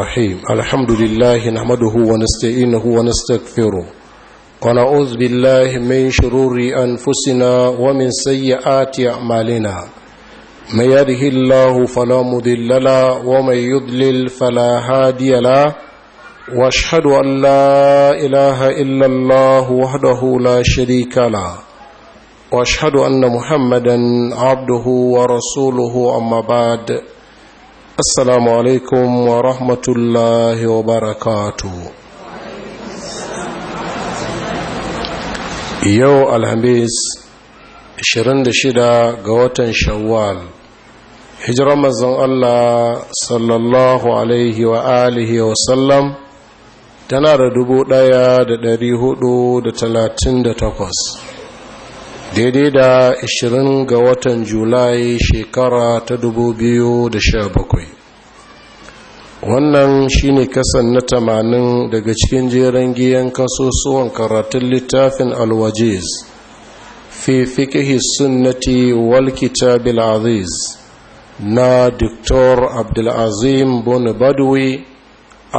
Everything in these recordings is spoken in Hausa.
رحيم الحمد لله نحمده ونستعينه ونستغفره ونعوذ بالله من شرور أنفسنا ومن سيئات أعمالنا من يده الله فلا مضل له ومن يضلل فلا هادي له واشهد أن لا إله إلا الله وحده لا شريك له واشهد أن محمدا عبده ورسوله أما بعد Asalamu alaikum wa rahmatullah wa barakatu. Yau Alhamis ashirin ga watan Shawwal. Hijramar zan Allah Sallallahu alaihi wa'ai wa'ihi wa sallam tana da dubu ɗaya da dari hudu da talatin da takwas. daidai da 20 ga watan julai shekara ta 2017 wannan shine kasan na tamanin daga cikin jeren giyan kasusuwan karatun littafin alwajiz fi fikihi sunnati wal kitabil aziz na diktor abdulazim bonu badwi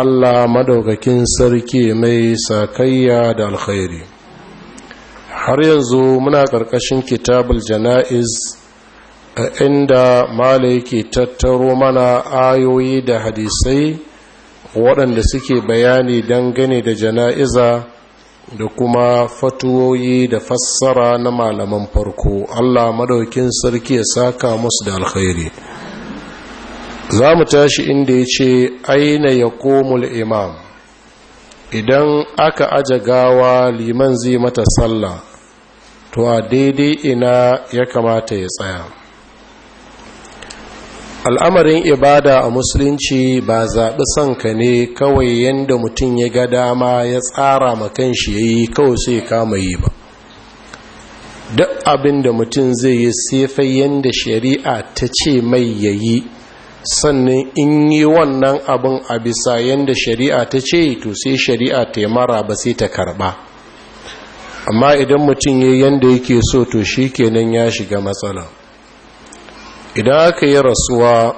allah madaukakin sarki mai sakayya da alkhairi har yanzu muna ƙarƙashin kitabul jana'iz a inda mala yake tattaro mana ayoyi da hadisai waɗanda suke bayani dangane da jana'iza da kuma fatuwoyi da fassara na malaman farko allah maɗaukin sarki ya saka musu da alkhairi za mu tashi inda ya ce aina ya komul imam idan aka aje gawa liman zai mata sallah to a daidai ina ya kamata ya tsaya al'amarin ibada a musulunci ba zaɓi ka ne kawai yadda mutum ya ga dama ya tsara makan shi ya yi kawai sai kama yi ba duk abin da mutum zai yi sefai yadda shari'a ta ce mai ya yi sannan in yi wannan abin a bisa yadda shari'a ta ce to sai shari'a ta yi mara ba sai ta karɓa amma idan mutum ya yanda yake so to shi kenan ya shiga matsala idan aka yi rasuwa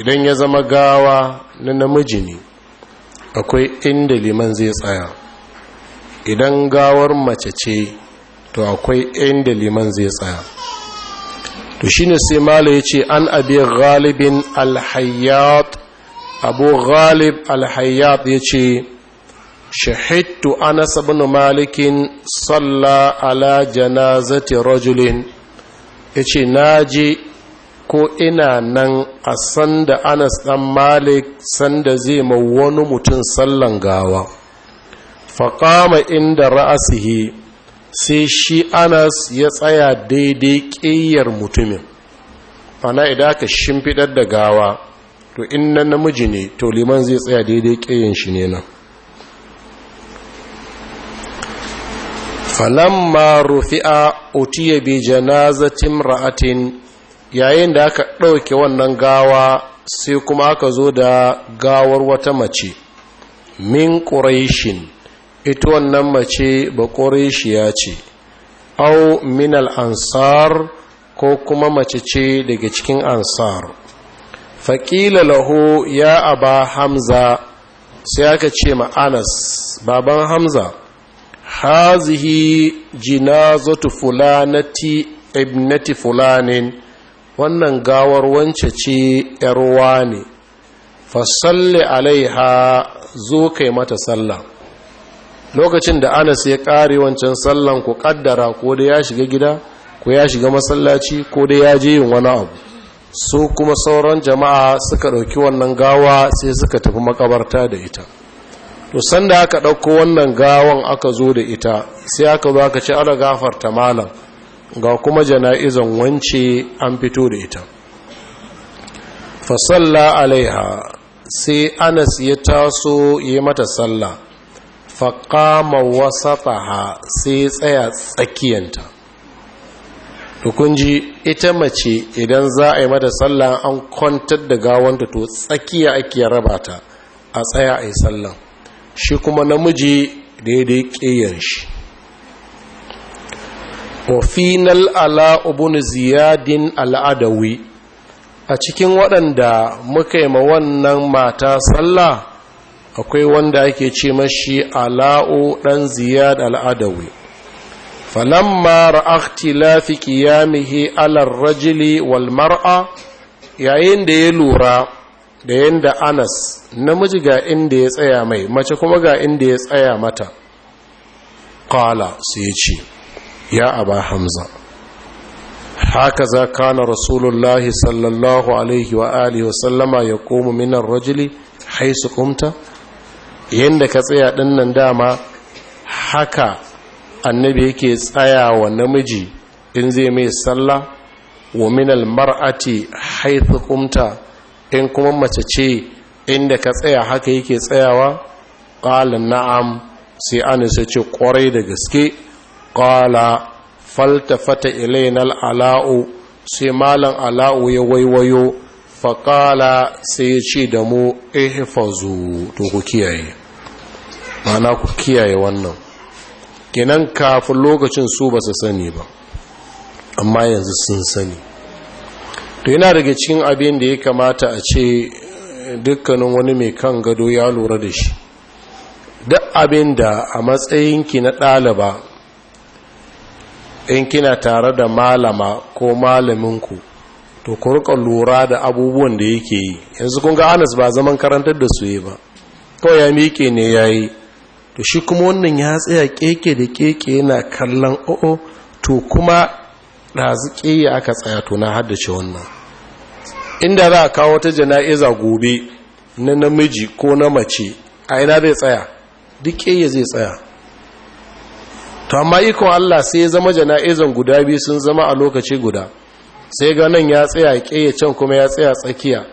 idan ya zama gawa na namiji ne akwai inda liman zai tsaya idan gawar mace ce to akwai inda liman zai tsaya to shi ne sai mala ya ce an abi ghalibin alhayyat abu ghalib alhayyat ya ce شهدت أنس بن مالك صلى على جنازة رجل يشي ناجي ko ina nan a sanda anas dan malik sanda zai ma wani mutum sallan gawa faƙama inda ra'asihi sai shi anas ya tsaya daidai ƙiyar mutumin ana idan aka shimfidar da gawa to in namiji ne to liman zai tsaya daidai ƙiyar shi ne nan falamma rufi'a utiya bi janazatin ra'atin yayin da aka ɗauke wannan gawa sai kuma aka zo da gawar wata mace min ƙuraishin ita wannan mace ba ƙuraishiya ce au min ansar ko kuma mace ce daga cikin ansar faƙila laho ya aba hamza sai aka ce ma anas baban hamza hazihi jinazatu fulanati ibnati fulanin wannan gawar wance ce yarwa ne fasalle alaiha zo kai mata sallah lokacin da anas ya kare wancan sallan ku kaddara ko da ya shiga gida ko ya shiga masallaci ko da ya je yin wani abu su kuma sauran jama'a suka ɗauki wannan gawa sai suka tafi makabarta da ita to sanda aka ɗauko wannan gawan aka zo da ita sai aka zo aka ce ana gafarta malam ga kuma jana'izan wance an fito da ita Fa fasalla alaiha sai anas ya taso yi mata sallah faƙama wasataha sai tsaya tsakiyanta tukunji ita mace idan za a yi mata sallah an kwantar da gawanta to tsakiya ake raba ta a tsaya a yi sallah shi kuma namiji daidai ƙeyar shi wafinal ala ziyadin al'adawi a cikin waɗanda muka yi ma wannan mata sallah akwai wanda ake ce mashi ala'u ɗan ziyad al'adawi falamma ra'akti lafi kiyamihi alar rajili wal mar'a yayin da ya lura da yadda anas namiji ga inda ya tsaya mai mace kuma ga inda ya tsaya mata kala su ya ce ya aba hamza haka za kana rasulullahi sallallahu alaihi wa alihi wasallama ya komu minan rajili haisu kumta yadda ka tsaya dinnan dama haka annabi yake tsaya wa namiji in zai mai sallah wa minal mar'ati haithu kumta in kuma mace ce inda ka tsaya haka yake tsayawa ƙala na'am sai anisa ce ƙwarai da gaske ƙala faltafata ilainal ala'u sai malam ala'u ya waiwayo faƙala sai ya ce da mu ihfazu to ku kiyaye mana ku kiyaye wannan kenan kafin lokacin su ba su sani ba amma yanzu sun sani to yana daga cikin abin da ya kamata a ce eh, dukkanin wani mai kan gado ya lura da shi duk abin da a matsayinki na ɗaliba in kina tare da malama ko malaminku to ku rika lura da abubuwan da yake yi yanzu kun ga anas ba zaman karantar da su yi ba kawai ya miƙe ne ya yi to shi kuma wannan ya tsaya keke da keke yana kallon o'o oh, oh, to kuma ɗazu ya aka tsaya to na haddace wannan inda za a kawo ta jana'iza gobe na namiji ko na mace a ina zai tsaya duk ƙeya zai tsaya to amma ikon Allah sai ya zama jana'izan guda biyu sun zama a lokaci guda sai ga ya tsaya ƙeya can kuma ya tsaya tsakiya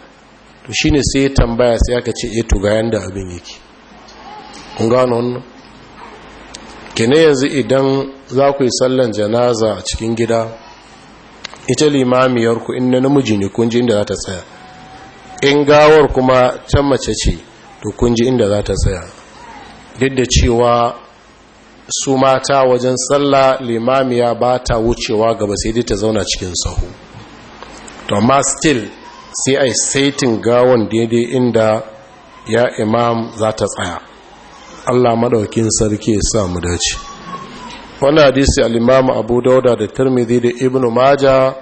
to shi ne sai ya tambaya sai aka ce eto eh, ga yanda abin yake kun gano wannan kene yanzu idan za ku yi sallan janaza a cikin gida ita limamiyarku in na namiji ne kun inda za ta tsaya in gawar kuma can mace ce to kunji inda za ta tsaya duk da cewa su mata wajen sallah limamiya ba ta wucewa gaba sai dai ta zauna cikin sahu to amma still sai a saitin gawon daidai inda ya imam za ta tsaya allah maɗaukin sarki ya sa dace wani hadisi al'imamu abu dauda da tirmidhi da ibn maja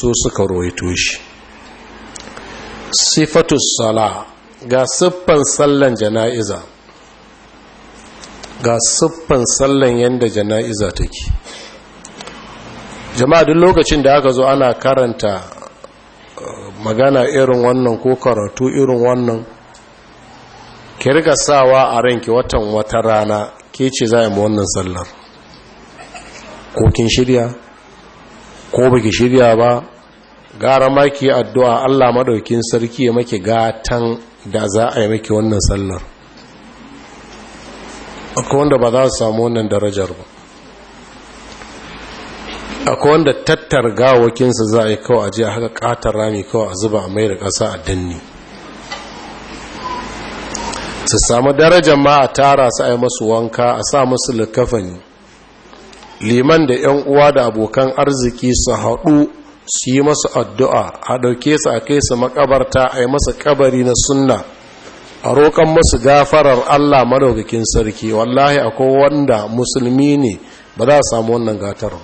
su suka roito shi sifatus sala ga siffan sallan jana'iza ga siffan sallan yadda jana'iza take jama'a duk lokacin da aka zo ana karanta uh, magana irin wannan ko karatu irin wannan ki sawa a ranki watan wata rana ke ce za a yi wannan sallar ko kin shirya ko ki shirya ba gara maki addu'a Allah madaukin sarki ya maki gatan da za a yi maki wannan sallar akwai wanda ba za su samu wannan darajar ba akwai wanda tattar gawakinsa za a yi kawai aji a haka katar rami kawai a zuba a mai da ƙasa a danni su samu darajar ma a tara su a yi masu wanka a sa musu likafani liman da 'yan uwa da abokan arziki su haɗu su yi masu addu'a a ɗauke su a kai su makabarta a yi masa kabari na sunna a roƙon masu gafarar allah madaukakin sarki wallahi akwai wanda musulmi ne ba za a samu wannan gatar ba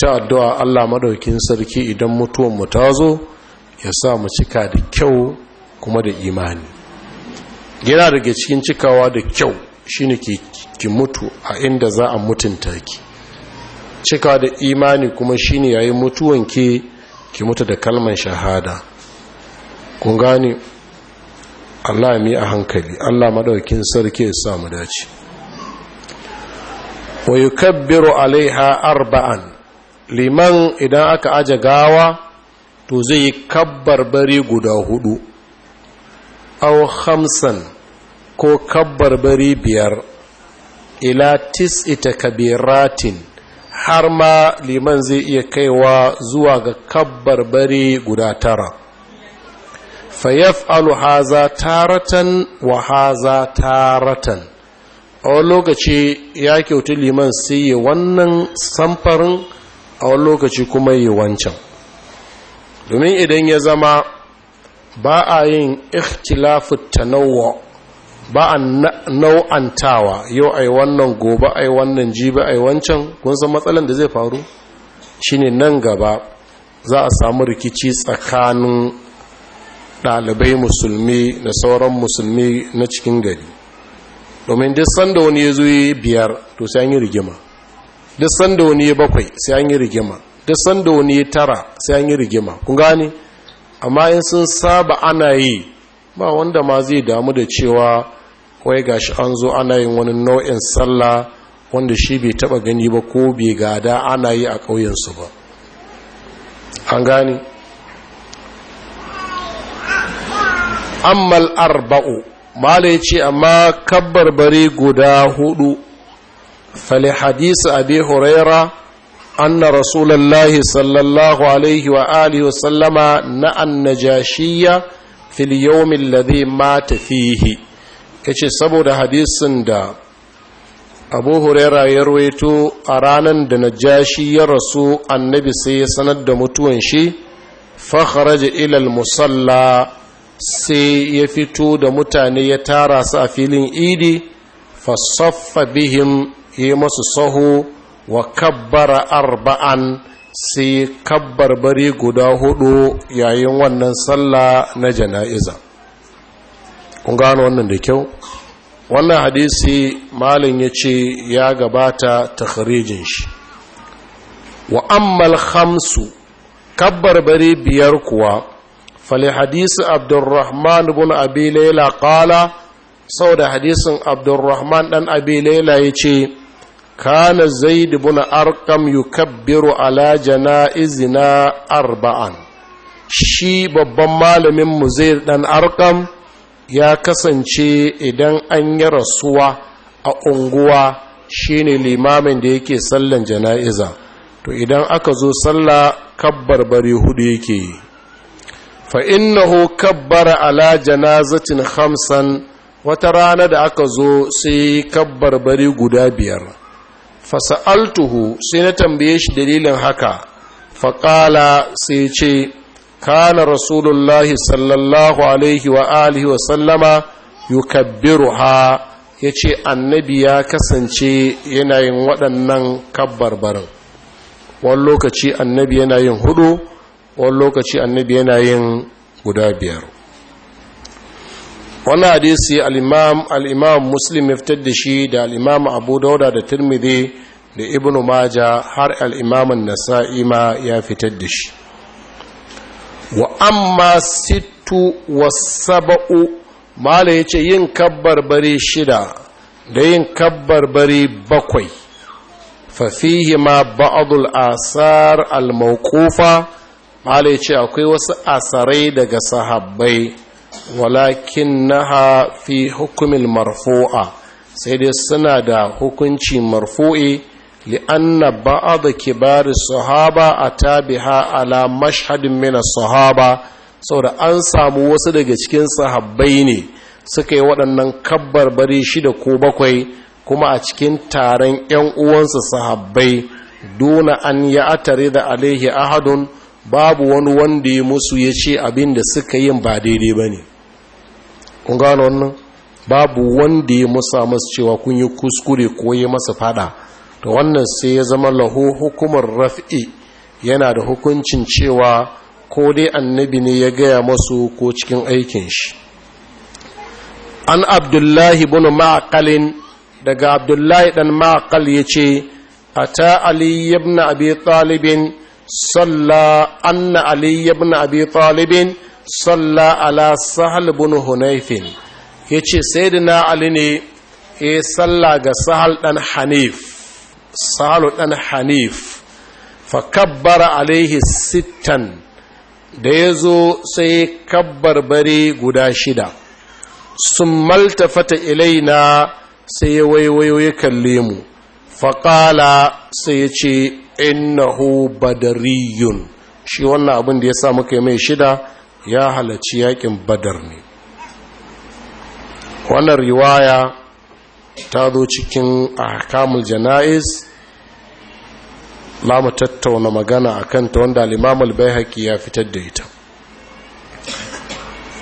ta addu'a allah maɗaukakin sarki idan mutuwan mu ta zo ya sa mu cika da kyau kuma da imani yana daga cikin cikawa da kyau shine ki ki mutu a inda za a mutunta ki cika da imani kuma shine yayi mutuwan ki ki mutu da kalman shahada kun gane Allah mi a hankali Allah madaukin sarki ya sa mu dace wa yukabbiru alaiha arba'an liman idan aka aje gawa to zai yi kabbar bari guda hudu aw khamsan ko bari biyar ila ita kabiratin har ma liman zai iya kaiwa zuwa ga kabbarbari guda tara fayaf haza taratan wa haza taratan a wani lokaci ya kyautu liman sai yi wannan samfarin a wani lokaci kuma yi wancan domin idan ya zama ba a yin ikhtilafu tanawwa ba a nau'antawa yau ai wannan gobe ai wannan jibi ai wancan kun san matsalan da zai faru shine nan gaba za a samu rikici tsakanin ɗalibai musulmi da sauran musulmi na cikin gari domin duk sanda wani ya zo biyar to sai an yi rigima duk sanda wani ya bakwai sai an yi rigima duk sanda wani ya tara sai an yi rigima kun gane amma in sun saba ana yi ba wanda ma zai damu da cewa wai gashi an zo ana yin wani nau'in sallah wanda shi bai taba gani ba ko bai gada ana yi a ƙauyensu ba an gani ammal arba'u mala ya ce amma kabbarbari guda hudu fali hadisi abi huraira anna rasulallahi sallallahu alaihi wa alihi wasallama na annajashiyya fil yawmin ladhi mata fihi yace saboda hadisin da abu huraira ya ruwaito a ranar da najashi ya rasu annabi sai ya sanar da mutuwan shi fakharaja ilal musalla sai ya fito da mutane ya tara su a filin idi fasaffa bihim ya masu saho wa kabbara arba'an sai kabbar bari guda hudu yayin wannan sallah na jana'iza kun gano wannan da kyau wannan hadisi malin ya ce ya gabata ta takharijin shi wa ammal khamsu kabbar bari biyar kuwa fali hadisi abdurrahman bin abi layla qala sau da hadisin abdurrahman dan abi layla ya ce kana zaid ibn arqam yukabbiru ala janaizina arba'an shi babban malamin mu zai dan arkam ya kasance idan an yi rasuwa a unguwa shine limamin da yake sallan jana'iza to idan aka zo sallah kabbar bari hudu yake yi fa innahu kabbara ala janazatin khamsan wata rana da aka zo sai kabbar bari guda biyar fasa'altuhu sai na tambaye shi dalilin haka faƙala sai ce kana rasulullahi sallallahu alaihi wa alihi wa sallama ha ya ce annabi ya kasance yanayin waɗannan kabbarbarin wani lokaci annabi yana yin hudu wani lokaci annabi yana yin guda biyar wannan hadisi al-imam al-imam muslim ya fitar da shi da al-imam abu dauda da tirmidhi da ibnu maja har al-imam an-nasa'i ma ya fitar da shi wa amma sittu was-sab'u mala yace yin kabbarbari shida da yin kabbar bari bakwai fa fihi ma ba'dul asar al-mawqufa mala yace akwai wasu asarai daga sahabbai walakin naha fi hukumin marfu'a sai dai suna da hukunci marfu'i li'anna ba'ad kibar sahaba a tabiha ala mashhadin mina sahaba saboda an samu wasu daga cikin sahabbai ne suka yi waɗannan kabbar bari shida ko bakwai kuma a cikin taron 'yan uwansu sahabbai duna an ya atare da alaihi ahadun babu wani wanda ya musu ya ce abin suka yin ba daidai ba ne kun gano wannan babu wanda ya musa masu cewa kun yi kuskure ko yi masa fada to wannan sai ya zama laho hukumar raf'i yana da hukuncin cewa ko dai annabi ne ya gaya masu ko cikin aikin shi an abdullahi bin ma'akalin daga abdullahi dan ma'akal ya ce a ali yabna abi talibin صلى أن علي بن أبي طالب صلى على سهل بن هنيف يتشي سيدنا علي ني إيه صلى سهل بن حنيف سهل بن حنيف فكبر عليه ستا da ya zo sai kabbar bare guda shida sun maltafata ilaina وي ya waiwayo ya kalle mu innahu badariyun shi wannan abin da ya sa muka mai shida ya halarci yakin badar ne wannan riwaya ta zo cikin ahkamul jana'iz lamu tattauna magana a kanta wanda limamul bai haƙi ya fitar da ita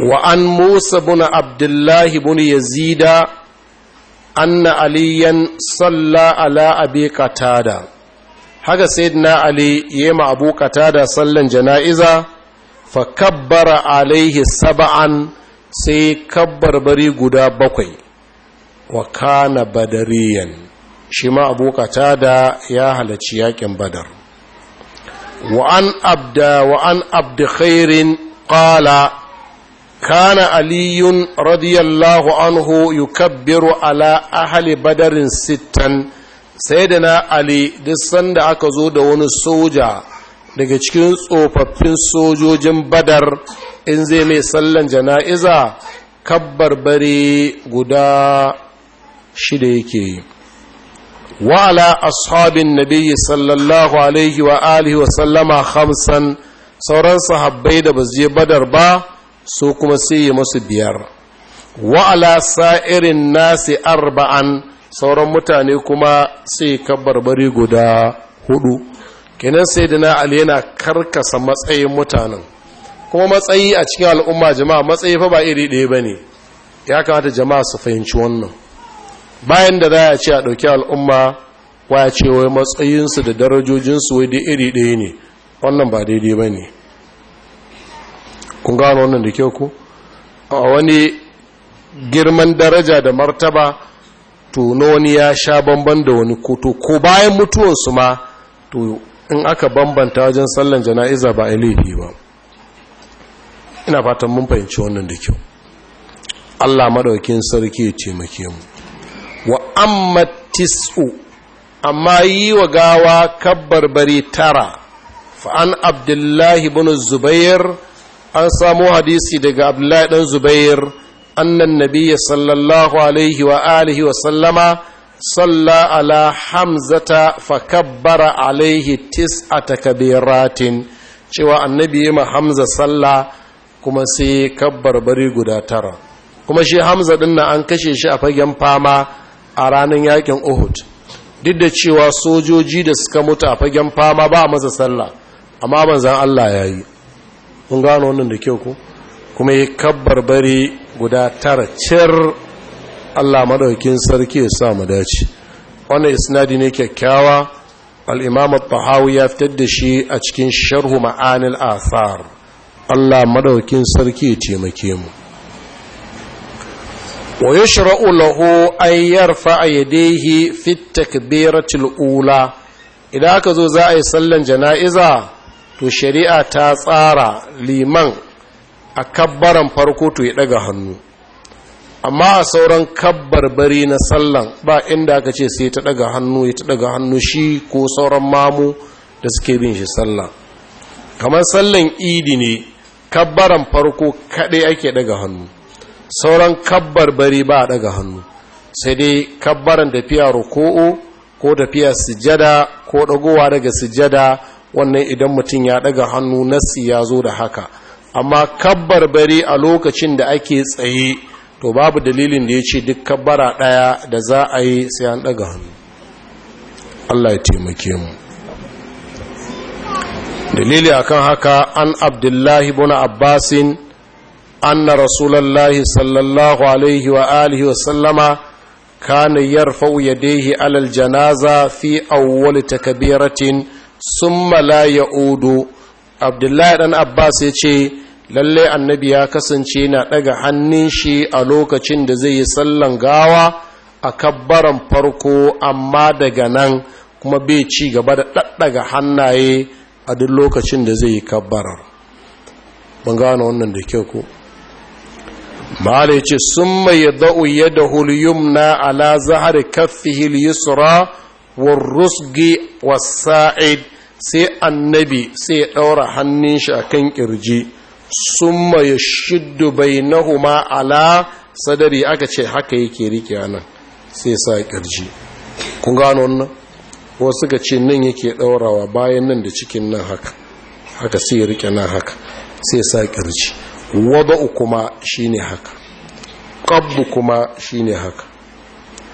وعن Musa buna Abdullahi الله Yazida, an na Aliyan salla على أبي tada. haka sayyidina ali yema abu da sallan jana'iza fa kabbara alaihi sab'an sai kabbar bari guda bakwai wa kana badariyan shi ma abu da ya halarci yakin badar Wa'an an abda wa an abd khairin qala kana Aliyun radiyallahu Anhu عنه يكبر على ahali badarin sai da na ali duk sanda aka zo da wani soja daga cikin tsofaffin sojojin badar in zai mai sallan jana'iza bare guda shida yake yi wa'ala ashabin nabiyyi sallallahu alaihi wa alihi wa sallama hamsan sauran sahabbai da ba je badar ba su kuma sai yi musu biyar wa'ala sa'irin nasi arba'an sauran mutane kuma sai barbari guda hudu kenan sai dina ali yana karkasa matsayin mutanen kuma matsayi a cikin al'umma jama'a matsayi fa ba iri ɗaya ba ne ya kamata jama'a su fahimci wannan bayan da za a ce a ɗauki al'umma waya ce wai matsayinsu da darajojinsu wai da iri ɗaya ne wannan ba daidai ba ne kun gano wannan da kyau ku a wani girman daraja da martaba to na wani ya sha bamban da wani koto ko bayan mutuwansu ma to in aka bambanta wajen sallan jana'iza ba a laifi ba ina fatan mun fahimci wannan da kyau Allah maɗaukin sarki ya taimake mu wa amma tis'u amma yi wa gawa kabbar bari tara fa an abdullahi bin zubair an samu hadisi daga abdullahi dan zubair annan nabiyya sallallahu alaihi wa alihi wa sallama salla ala hamzata fakabbara alaihi tis'ata kabiratin cewa annabi ya ma hamza salla kuma sai kabbar bari guda tara kuma shi hamza din nan an kashe shi a fagen fama a ranar yakin uhud duk da cewa sojoji da suka mutu a fagen fama ba masa sallah amma manzan Allah ya yi kun gano wannan da kyau ku kuma ya kabbar bari guda tara cir Allah maɗaukin sarki ya sa mu dace wannan isnadi ne kyakkyawa al-imam at-tahawi ya fitar da shi a cikin sharhu al athar Allah maɗaukin sarki ya taimake mu wa yashra'u lahu ay yarfa'a yadayhi fi at-takbirati al-ula idan aka zo za a yi sallan jana'iza to shari'a ta tsara liman a kabbaran farko to ya daga hannu amma a sauran kabbarbari na sallan ba inda aka ce sai ta daga hannu ya ta daga hannu shi ko sauran mamu da suke bin shi sallah kamar sallan idi ne kabbaran farko kaɗai ake daga hannu sauran kabbarbari ba a daga hannu sai dai kabbaran tafiya roko'o ko tafiya sujada ko ɗagowa daga sujada wannan idan mutum ya daga hannu nasi ya zo da haka amma kabbar bari a lokacin da ake tsaye to babu dalilin da ya ce duk kabbara ɗaya da za a yi sai an ɗaga hannu Allah ya taimake mu dalili akan haka an abdullahi bin abbasin na rasulallahi sallallahu alaihi wa alihi wa sallama kana yarfa'u yadayhi alal janaza fi awwal takbiratin summa ya'udu abdullahi dan abbas ya ce lalle annabi ya kasance na daga hannun shi a lokacin da zai yi sallan gawa a kabbaran farko amma daga nan kuma bai ci gaba da daddaga hannaye a duk lokacin da zai yi kabbarar ban gano wannan da kyau ko sun mai da'u yad'u da al na ala zahar kafihil yusra wa rusgi wa said sai annabi sai ya ɗaura hannun shi a kan ƙirji sun ya shiddu bai na huma ala sadari aka ce haka yake rike nan sai sa ƙirji kun gano nan wasu ga ce nan yake ɗaurawa bayan nan da cikin nan haka haka sai ya rike nan haka sai sa ƙirji wada'u kuma shine haka ƙabbu kuma shine haka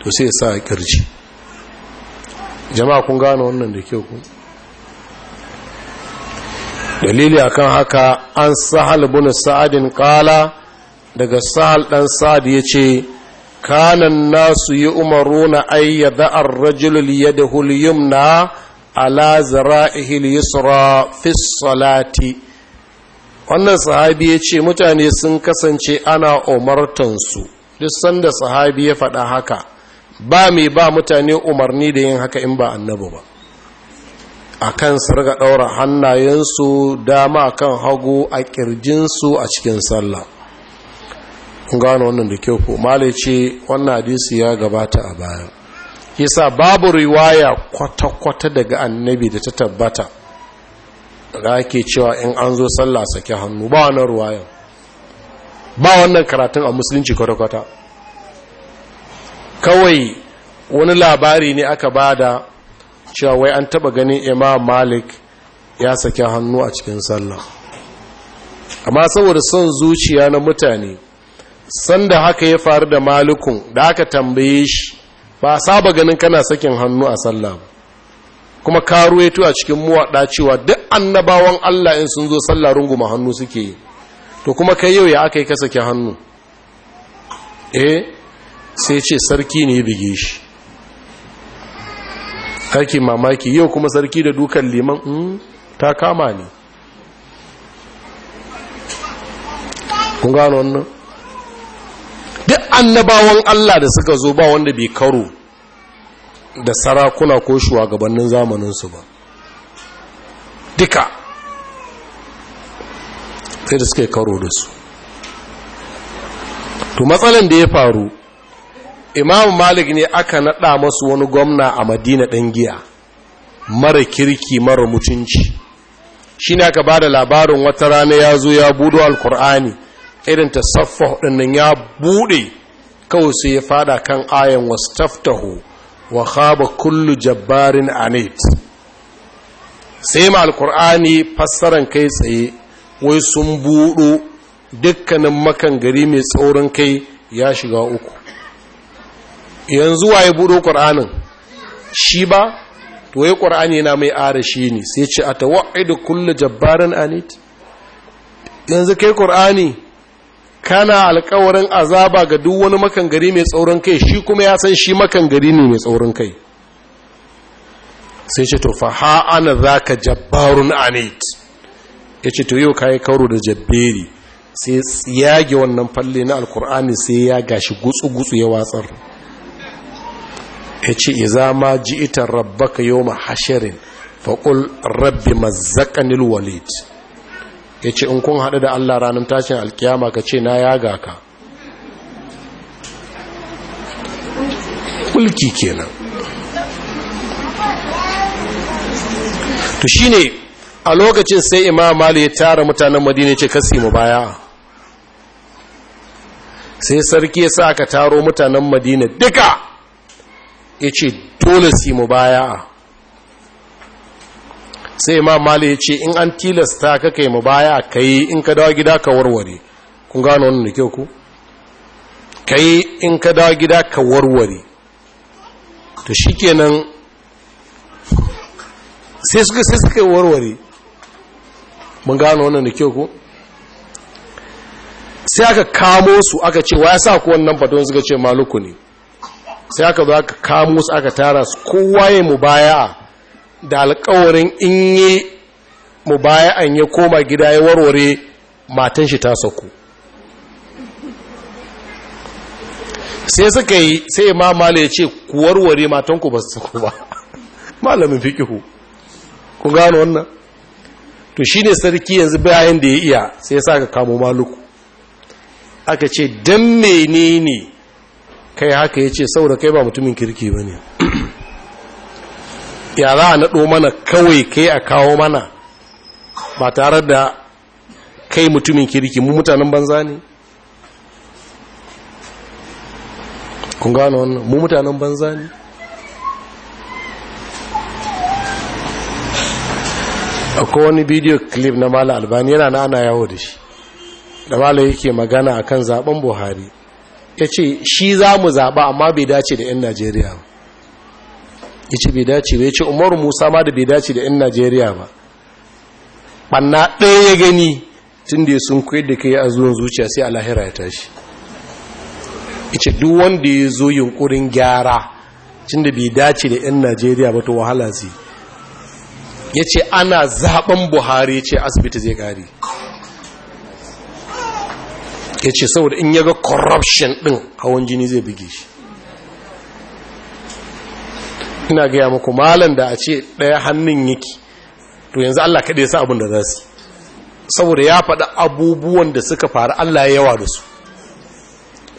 to sai sa ƙirji jama'a kun gano wannan da kyau kuma dalili akan haka an sahal bin sa'adin kala daga sahal dan sa'ad ce, kanan nasu yi umaruna ay ayyada ar-rajulu yadahu al-yumna ala zara'ihi yusra fi salati wannan sahabi ya ce mutane sun kasance ana umartan su duk sanda sahabi ya faɗa haka ba mai ba mutane umarni da yin haka in ba annabi ba a kan su riga ɗaura hannayensu dama kan hagu a ƙirjinsu a cikin sallah kun gano wannan da kyau ko malai ce wannan hadisi ya gabata a baya yasa babu riwaya kwata-kwata daga annabi da ta tabbata da ake cewa in an zo sallah sake hannu ba wannan riwaya ba wannan karatun a musulunci kwata-kwata kawai wani labari ne aka bada cewa wai an taba ganin imam malik ya sake hannu a cikin sallah amma saboda son zuciya na mutane sanda haka ya faru da malikun da aka tambaye shi ba a saba ganin kana sakin hannu a sallah kuma karo a cikin muwaɗa cewa duk annabawan Allah in sun zo sallah runguma hannu suke yi to kuma kai yau ya aka yi ka sake hannu eh sai ce sarki ne ya bige shi kake mamaki yau kuma sarki da dukan liman hmm, ta kama ne kun gano wannan duk annabawan Allah da suka zo ba wanda bai karo da sarakuna ko shugabannin zamaninsu ba duka sai da suka karo da su to matsalan da ya faru Imam malik ne aka naɗa masu wani gwamna a madina ɗan giya mara kirki mara mutunci shi ne aka ba da labarin wata rana ya zo ya budo alkur'ani irin ta saffa hudunan ya buɗe kawai sai ya fada kan ayan wasu taftahu wa haba kullu jabbarin anit sai ma alkur'ani fassaran kai tsaye wai sun buɗo dukkanin makan gari mai tsoron kai ya shiga uku yanzu waye budo ƙur'anin shi ba to wai ƙur'ani yana mai arashi ne sai ce a kullu jabbarin anit yanzu kai ƙur'ani kana alkawarin azaba ga duk wani makangari mai tsaurin kai shi kuma ya san shi makangari ne mai tsaurin kai sai ce to fa ha ana zaka jabbarun anit yace to yau kai kauro da jabberi sai yage wannan falle na alkur'ani sai ya gashi gutsu-gutsu ya watsar ya ce iza ma ji ita rabbaka yau ma hashirin faƙul rabbi mazzakanil walid ya ce in kun haɗu da allah ranar tashin alkiyama ka ce na yaga ka mulki kenan to ne a lokacin sai imam mali ya tara mutanen madina ce kasi mu baya sai sarki ya sa ka taro mutanen madina duka ya ce dole si mu baya sai imam mali ya ce in an tilasta ka kai mu baya a yi in ka dawo gida ka warware kun gano wani da kyau ku kai in ka dawo gida ka warware to shi kenan sai suka sai suka warware mun gano wannan da kyau ku sai aka kamo su aka ce wa ya sa ku wannan baton suka ce maluku ne sai aka zo aka kamo su aka tara su kowa ya baya da alkawarin in yi baya an ya koma gida ya warware matan shi ta sauko sai suka yi sai ma mala ya ce ku warware matanku ba su sauko ba malamin fikihu ku gano wannan to shi ne sarki yanzu bayan da ya iya sai ya sa ka kamo maluku aka ce don menene ne kai haka ya ce saboda kai ba mutumin kirki ba ne ya za a naɗo mana kawai kai a kawo mana ba tare da kai mutumin kirki mu mutanen banza ne kun gano wannan mu mutanen banza ne wani bidiyo clip na mala albani yana na ana yawo da shi da mala yake magana a kan zaben buhari ya ce shi za mu zaɓa amma bai dace da 'yan najeriya ba ya ce bai dace ba ya ce umaru musa ma da bai dace da 'yan najeriya ba ɓanna ɗaya ya gani tun da ya sun kuyar da kai a zuwan zuciya sai Alahira ya tashi ya ce duk wanda ya zo yunkurin gyara tun da bai dace da 'yan najeriya ba ta wahala zai ya ce ana zaɓen buhari ya ce asibiti zai ƙari ya ce saboda in yaga corruption din hawan jini zai buge shi ina gaya muku malam da a ce ɗaya hannun yake to yanzu Allah ya sa abun da za su saboda ya faɗi abubuwan da suka faru Allah ya yawa da su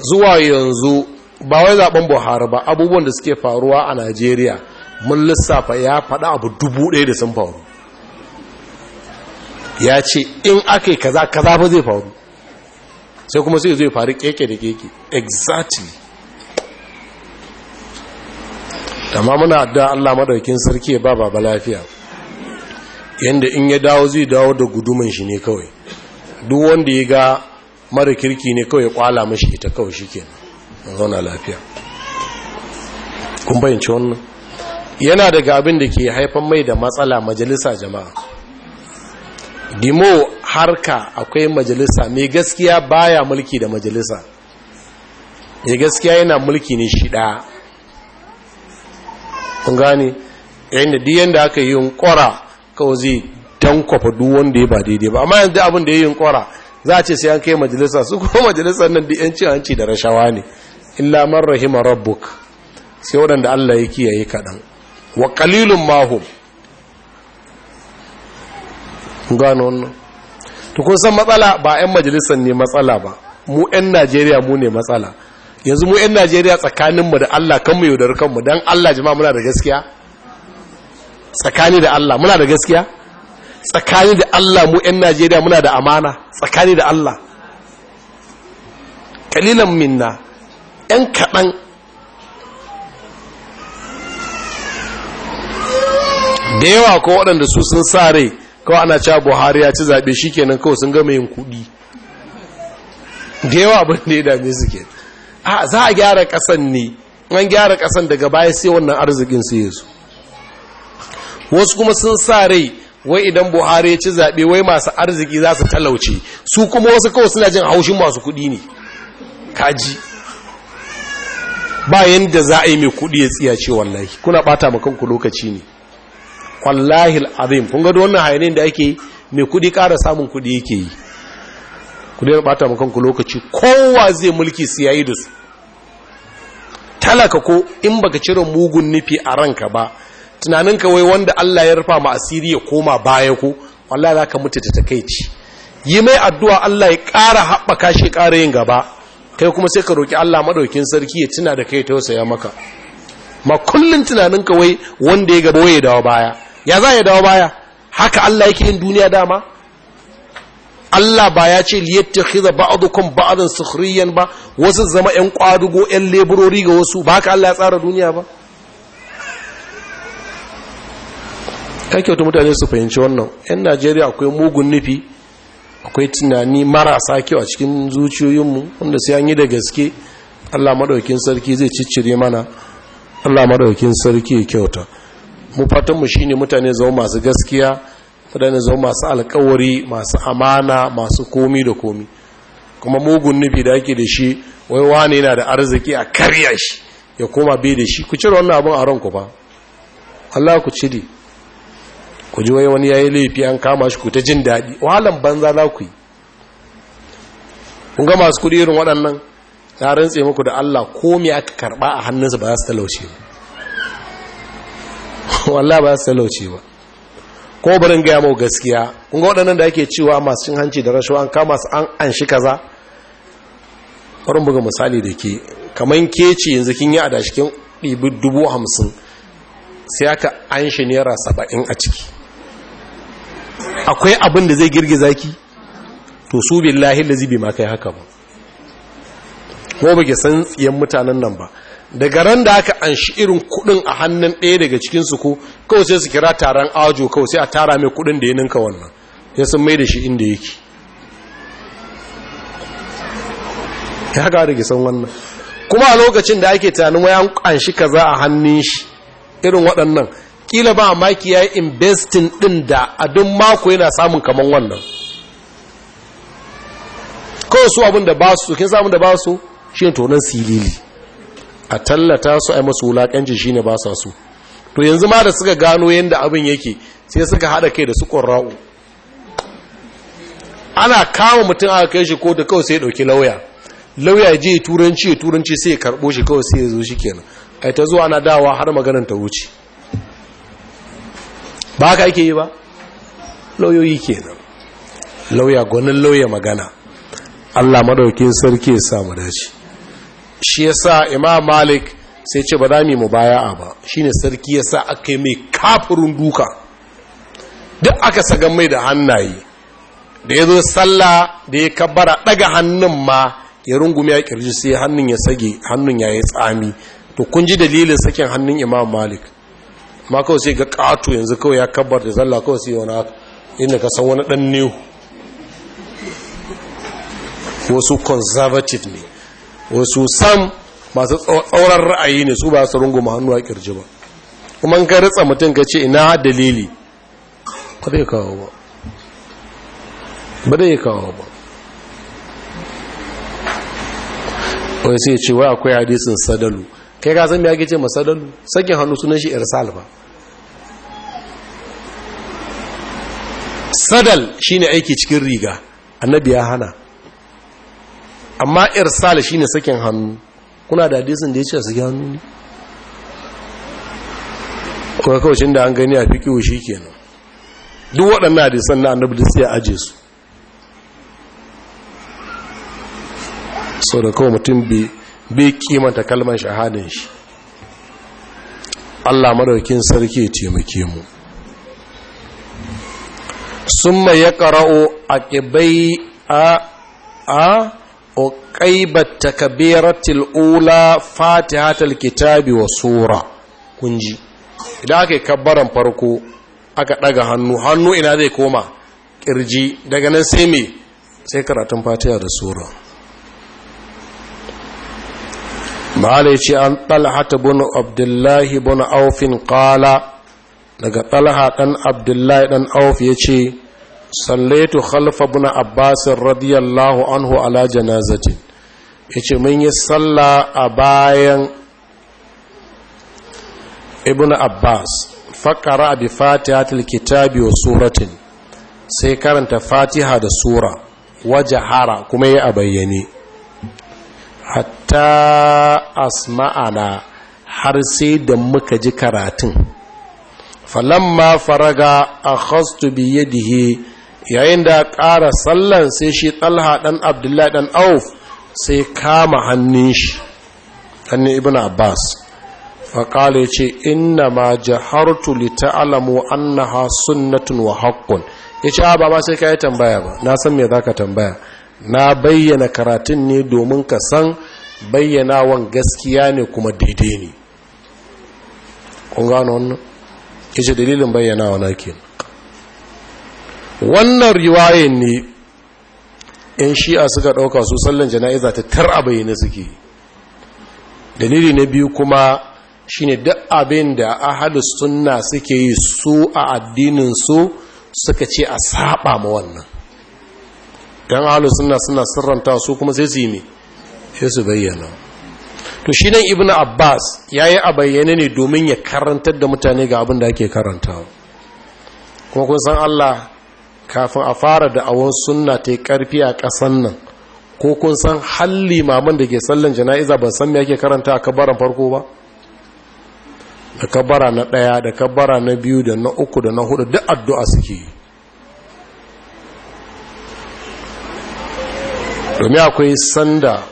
zuwa yanzu ba wai zaben buhari ba abubuwan da suke faruwa a najeriya mun lissafa ya faɗi abu dubu ɗaya da sun faru ya ce in aka kaza kaza ba zai faru sai kuma sai zai faru keke da keke exactly amma muna da Allah madaukin sarki ba baba lafiya yanda in ya dawo zai dawo da gudumin shi ne kawai duk wanda ya ga mara kirki ne kawai kwala mashi ita kawai shikenan zauna lafiya kun bayyance wannan yana daga abin da ke haifan mai da matsala majalisa jama'a dimo harka akwai majalisa mai gaskiya baya mulki da majalisa mai gaskiya yana mulki ne shi ɗaya kun yayin da diyan da aka yi yunkura kawai zai tankwafa duwon da ya ba daidai ba amma yanzu abin da ya yi yunkura za a ce sai an kai majalisa su kuma majalisar nan da yanci hanci da rashawa ne illa man rahima rabbuk sai waɗanda Allah ya kiyaye kaɗan wa qalilun mahu gano wannan to kun san matsala ba 'yan majalisar ne matsala ba mu 'yan najeriya mu ne matsala yanzu mu 'yan najeriya tsakaninmu da allah kanmu yaudar kanmu don allah jima muna da gaskiya tsakani da allah muna da gaskiya tsakani da allah mu 'yan najeriya muna da amana tsakani da allah kalilan minna 'yan kaɗan da yawa ko waɗanda su sun sa rai kawai ana cewa buhari ya ci zaɓe shi kenan kawai sun gama yin kuɗi da yawa abin da ya dame su ke za a gyara ƙasan ne an gyara ƙasan daga baya sai wannan arzikin su yesu wasu kuma sun sa rai wai idan buhari ya ci zaɓe wai masu arziki za su talauce su kuma wasu kawai suna jin haushin masu kuɗi ne kaji ba yadda za a yi mai kuɗi ya tsiya ce wallahi kuna ɓata kanku lokaci ne wallahi azim kun ga wannan hayanin da ake mai kudi kara samun kudi yake yi ku ya bata mu kanku lokaci kowa zai mulki su da su talaka ko in baka cire mugun nufi a ranka ba tunanin kawai wanda Allah ya rufa ma asiri ya koma baya ko za ka mutu ta takaici yi mai addu'a Allah ya kara haɓaka shi kara yin gaba kai kuma sai ka roƙi Allah maɗaukin sarki ya tuna da kai tausaya maka ma tunanin tunaninka wai wanda ya gaba waye dawa baya ya za ya dawo baya haka Allah yake yin duniya dama Allah ba ya ce liyattakhiza ba'dukum ba'dan sukhriyan ba wasu zama ƴan kwadugo ƴan leburori ga wasu ba haka Allah ya tsara duniya ba kai kyautu mutane su fahimci wannan ƴan Najeriya akwai mugun nufi akwai tunani marasa kyau a cikin zuciyoyinmu wanda sai an yi da gaske Allah madaukin sarki zai ciccire mana Allah madaukin sarki ya kyauta mu fatanmu shi ne mutane zama masu gaskiya mutane zama masu alkawari masu amana masu komi da komi kuma mugun nufi da ake da shi wai wane yana da arziki a karya shi ya koma bai da shi ku cire wannan abin a ranku ba Allah ku cire ku ji wai wani yayi laifi an kama shi ku ta jin daɗi wahalan banza za ku yi kun ga masu kuɗi irin waɗannan ya rantse muku da Allah ko aka karɓa a hannunsa ba za su talauce ba wallah ba su lauci ba ko barin gaya mau gaskiya kun ga waɗannan da ake cewa masu cin hanci da rashawa an kama su an an shi kaza barin buga misali da ke kamar ke ce yanzu kin yi adashi kin ɗibi dubu hamsin sai aka an shi naira saba'in a ciki akwai abin da zai girgiza ki to su billahi lazi bai ma kai haka ba ko ba ke san tsiyan mutanen nan ba daga ran da aka anshi irin kudin a hannun ɗaya daga cikinsu ko kawai sai su kira taron ajo kawai sai a tara mai kudin da ya ninka wannan ya sun mai da shi inda yake ya ga da gisan wannan kuma a lokacin da ake tunanin wayan anshi kaza a hannun shi irin waɗannan kila ba maki ya yi investin ɗin da a duk mako yana samun kamar wannan kawai su abin da ba su kin samun da ba su shi ne tonon silili a tallata su a masu wulaƙanci shi ne ba sa su to yanzu ma da suka gano yadda abin yake sai suka haɗa kai da su ƙwararra'u. ana kawo mutum aka kai shi ko da kawai sai ya ɗauki lauya lauya je turanci ya turanci sai ya karɓo shi kawai sai ya zo shi kenan ai ta zuwa ana dawa har maganan ta wuce ba haka ake yi ba lauyoyi kenan lauya gwanin lauya magana Allah madaukin sarki ya samu dace shi ya sa imam malik sai ce ba za mu yi a ba shine sarki ya sa aka yi mai kafirin duka duk aka sagan mai da hannaye da ya zo sallah da ya kabbara daga hannun ma ya rungume ya kirji sai hannun ya sage hannun ya yi tsami to kun ji dalilin sakin hannun imam malik ma kawai sai ga kato yanzu kawai ya kabbar da sallah kawai sai wani inda ka san wani dan nehu wasu conservative ne wasu sam masu tsauran ra'ayi ne su ba su runguma hannu a kirji ba kuma ka ritsa mutum ka ce ina dalili ba zai kawo ba ba zai kawo ba wai sai ce wa akwai hadisin sadalu kai ka san me ake ce ma sadalu sakin hannu sunan shi irsal ba sadal shi ne aiki cikin riga annabi ya hana amma irsal shine sakin hannu kuna da hadisin da ya ce su saki hannu ne kuma shi da an gani a fikiyo shi kenan duk waɗannan hadisan na annabi da sai a aje su sau da kawai mutum bai kimanta kalmar shahadin shi allah maraukin sarki ya taimake mu sun mai ya ƙara'o a ƙibai a a uqaybat kabiratil ula fatihatul kitabi wa sura kunji idan aka yi kabbaran farko aka ɗaga hannu hannu ina zai koma ƙirji daga nan sai me sai karatun fatiha da sura ma'ala ce an hata bin abdullahi bin aufin ƙala daga ɗalha ɗan abdullahi ɗan auf ce. sallaitu khalfa ibn abbas radiyallahu anhu ala janazatin yace mun yi salla a bayan ibn abbas faqara bi fatihatil kitabi wa suratin sai karanta fatiha da sura wajahara kuma ya a bayyane hatta asma'ana har sai da muka ji karatun falamma faraga a khastu biyadihi yayin da ƙara sallan sai shi talha ɗan abdullahi ɗan auf sai kama hannun shi hannun ibn abbas faƙala ce inna ma jahartu li ta'alamu annaha sunnatun wa haƙƙun. ya ce ba ma sai ka yi tambaya ba na san me za ka tambaya na bayyana karatun ne domin ka san bayyanawan gaskiya ne kuma daidai ne ƙunga wannan ya ce dalilin bayyanawa na kenan wannan riwayen ne yan shi'a suka ɗauka su sallan jana'iza ta tar a bayyana suke dalili na biyu kuma shine duk abin da ahalus sunna suke yi su a addinin su suka ce a saba ma wannan Don ahalus suna suna sirranta su kuma sai su yi sai su bayyana to shi nan Ibn abbas ya yi a bayyane ne domin ya karantar da mutane ga abin da ake karantawa kuma kun san Allah kafin a fara da'awar sunna ta karfi a ƙasan nan ko kun san halli maman da ke sallan jana'iza ban san me yake karanta a kabaran farko ba da kabara na ɗaya da kabara na biyu da na uku da na hudu duk addu'a suke yi domin akwai sanda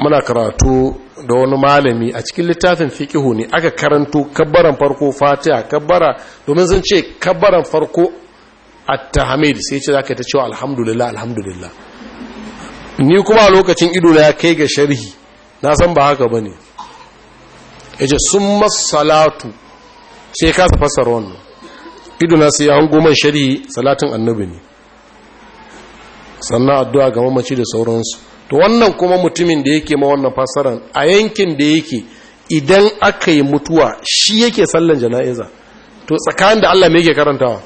muna karatu da wani malami a cikin littafin fikihu ne aka karanto kabbaran farko fatiha kabbara domin sun ce kabbaran farko at-tahmid sai ce zaka ta cewa alhamdulillah alhamdulillah ni kuma lokacin ido na ya kai ga sharhi na san ba haka bane yace summa salatu sai ka fasara wannan ido na sai ya hango sharhi salatin annabi ne sannan addu'a ga mamaci da sauransu to wannan kuma mutumin da yake ma wannan fasaran a yankin da yake idan aka yi mutuwa shi yake sallan jana'iza to tsakanin da Allah me yake karantawa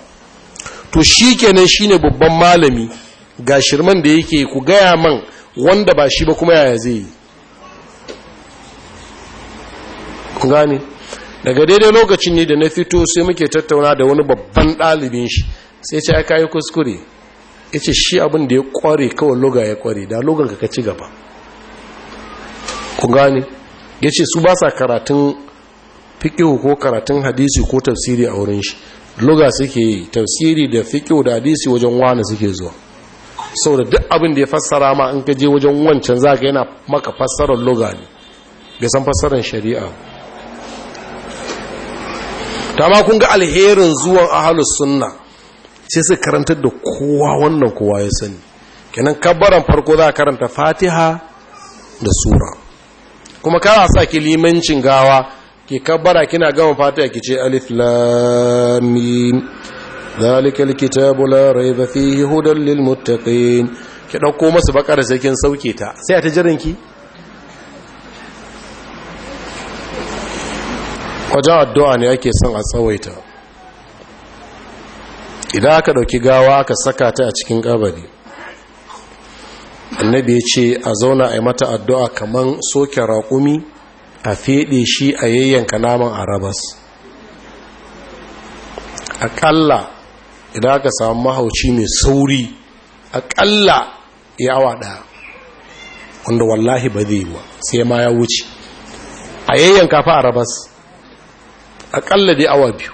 to shi kenan shi ne babban malami ga shirman da yake ku gaya man wanda ba shi ba kuma yaya zai yi gani daga daidai lokacin ne da na fito sai muke tattauna da wani babban ɗalibin shi sai ce aka yi kuskure ya ce shi abin da ya kware kawai loga ya kware da logan ka ci gaba ku gani ya ce su ba sa karatun fiƙe ko karatun hadisi ko tafsiri a wurin shi luga suke yi tafsiri da fiƙo da hadisi wajen wani suke zuwa sau da duk abin da ya fassara ma in ka je wajen wancan za zaka yana maka fassarar luga ne bai san fassarar shari'a ta kun ga alherin zuwan ahalus sunna sai su karantar da kowa wannan kowa ya sani kenan kabbaran farko za karanta fatiha da sura kuma kara sa kilimancin limancin gawa ki kabbara kina gama fatiha kice ce alif lam mim ذلك الكتاب لا ريب فيه هدى للمتقين ki dauko masa bakara sai kin sauke ta sai a ta jiran ki wajen addu'a ne ake son a tsawaita idan aka dauki gawa aka saka ta a cikin kabari annabi ya ce a zauna a yi mata addu'a kaman soke raƙumi a feɗe shi a yayyanka naman a rabas aƙalla idan aka samu mahauci mai sauri aƙalla ya awa ɗaya wanda wallahi ba zai ba sai ma ya wuce a yayyanka fa a rabas aƙalla dai awa biyu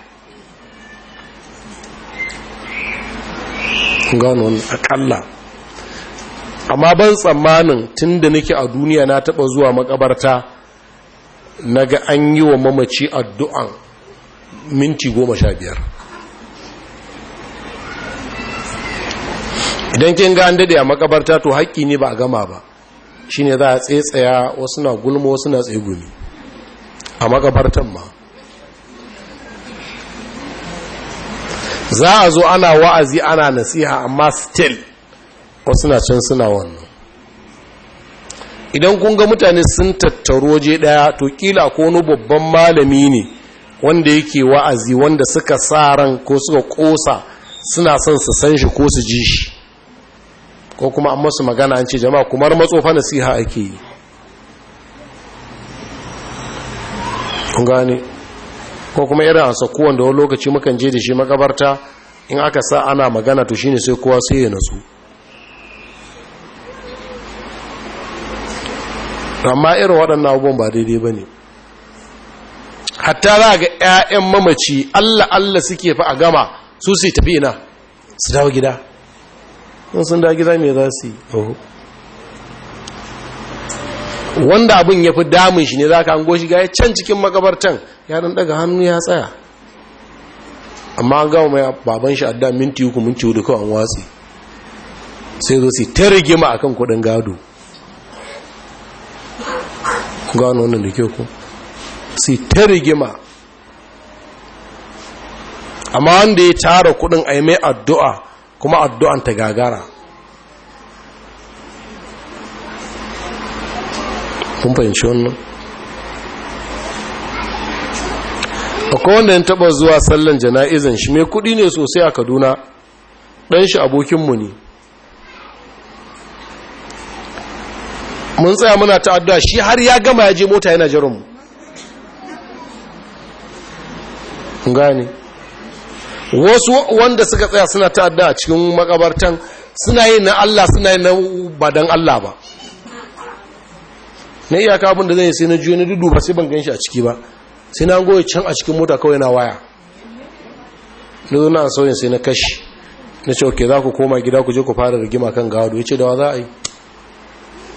gano aƙalla. amma ban tsammanin tun da nake a duniya na taɓa zuwa makabarta na ga an yi wa mamaci addu'an minti goma sha biyar idan kin ga an dade a makabarta to haƙƙi ne ba a gama ba shi ne za a tsetsaya wasu na gulma wasu na tsegumi a makabartan ma za a zo ana wa'azi ana nasiha amma still wasu na can suna wannan idan kun ga mutane sun tattaro waje daya to kila ko wani babban malami ne wanda yake wa'azi wanda suka sa ran ko suka kosa suna son su san shi ko su ji shi ko kuma an masu magana an ce jama'a kuma matsofa nasiha ake yi kun gane ko kuma irin ansa wanda wani lokaci mukan je da shi makabarta in aka sa ana magana to shine sai kowa sai ya natsu amma irin waɗannan abubuwan ba daidai ba ne hatta za ga 'ya'yan mamaci allah allah suke fa a gama su su tafi ina su dawo gida in sun dawo gida mai za su yi wanda abin ya fi damun shi ne za ka hango shi ga ya can cikin makabartan ya ɗan daga hannu ya tsaya amma an gama mai baban shi adda minti uku minti hudu kawai an watsi sai zo su ta rigima kan kuɗin gado gano wannan da ke ku sai ta rigima amma wanda ya tara kudin a mai addu'a kuma addu'an ta gagara kun fahimci wannan akwai wanda ya taba zuwa sallan jana'izan shi mai kudi ne sosai a kaduna ɗan shi abokinmu ne mun tsaya muna ta addu'a shi har ya gama ya je mota yana jiran mu gane wasu wanda suka tsaya suna ta addu'a a cikin makabartan suna yi na Allah suna yi na ba dan Allah ba na iyaka abin da zai yi sai na juyo na dudu ba sai ban gan shi a ciki ba sai na goyi can a cikin mota kawai na waya na zo na sauyin sai na kashi na ce ok za ku koma gida ku je ku fara rigima kan gawado ya ce da wa za a yi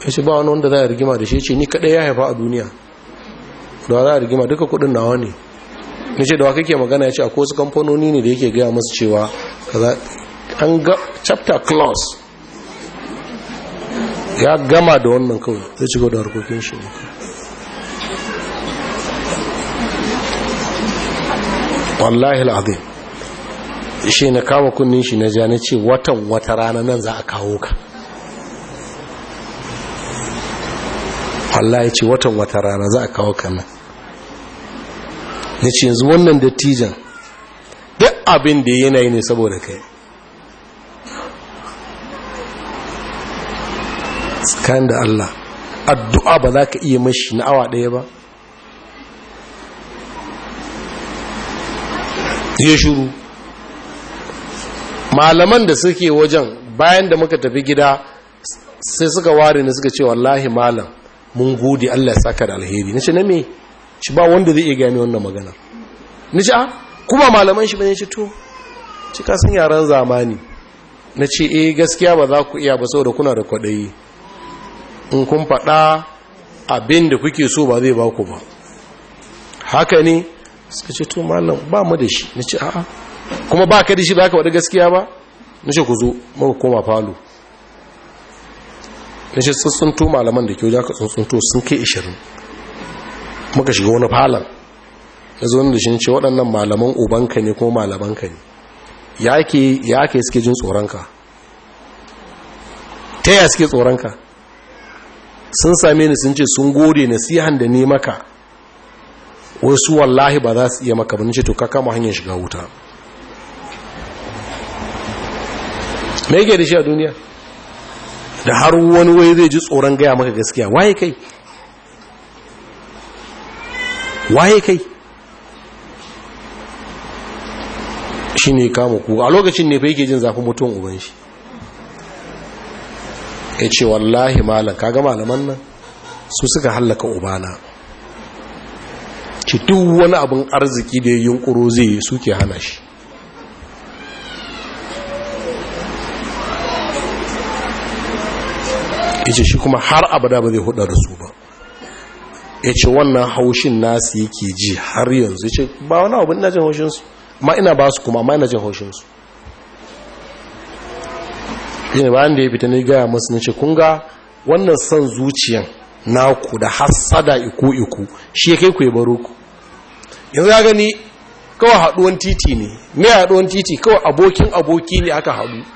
ya ce ba wani wanda za a rigima da shi ce ni kaɗai ya haifa a duniya da za a rigima duka kudin nawa ne ni ce da wa ke magana ya ce akwai wasu kamfanoni ne da yake gaya masu cewa an ga chapter clause ya gama da wannan kawai zai ci da harkokin shi wallahi al'adhim shi na kama kunnin shi na ja na ce watan wata rana nan za a kawo ka Allah ya ce watan wata rana za a kawo kana ya ce yanzu wannan dattijan duk abin da na yi ne saboda kai tsakanin da Allah addu'a ba za ka iya mashi na awa ɗaya ba ya shuru malaman da suke wajen bayan da muka tafi gida sai suka ware ne suka ce wallahi malam mun gode Allah ya saka da alheri nace na me shi ba wanda zai iya gane wannan magana nace a ah, kuma malaman shi bane shi to ci ka san yaran zamani nace eh gaskiya ba za ku iya ba saboda kuna da kwadayi in kun faɗa abin da kuke so ba zai ba ku ba haka ne suka ce to malam ba mu da shi nace a'a kuma ba ka da shi ba ka wada gaskiya ba nace ku zo mu koma falo na shi tsuntsuntu malaman da kyau za ka tsuntsuntu sun kai ishirin muka shiga wani falon ya zo da shi ce waɗannan malaman ubanka ne ko malamanka ne ya ke suke jin tsoronka ta yaya suke tsoronka sun same ni sun ce sun gode nasihan da ne maka wasu wallahi ba za su iya maka bin ce to ka kama hanyar shiga wuta me ke da shi a duniya da har wani wai zai ji tsoron gaya maka gaskiya waye kai waye kai shi ne kama ku a lokacin ne fa yake jin zafin mutum uban shi ya ce wallahi malam Ka kaga malaman nan su suka hallaka ubana ci duk wani abin arziki da ya ƙuro zai suke hana shi ya ce shi kuma har abada ba zai hudu da su ba ya ce wannan haushin nasu yake ji har yanzu ya ce ba wani abu ina jin haushinsu ma ina ba su kuma ma ina jin haushinsu yana bayan da ya fita na gaya masu nace, ce kun ga wannan son zuciyan naku da hassada iku iku shi ya kai ku ya baro ku yanzu ya gani kawai haduwan titi ne me haduwan titi kawai abokin aboki ne aka haɗu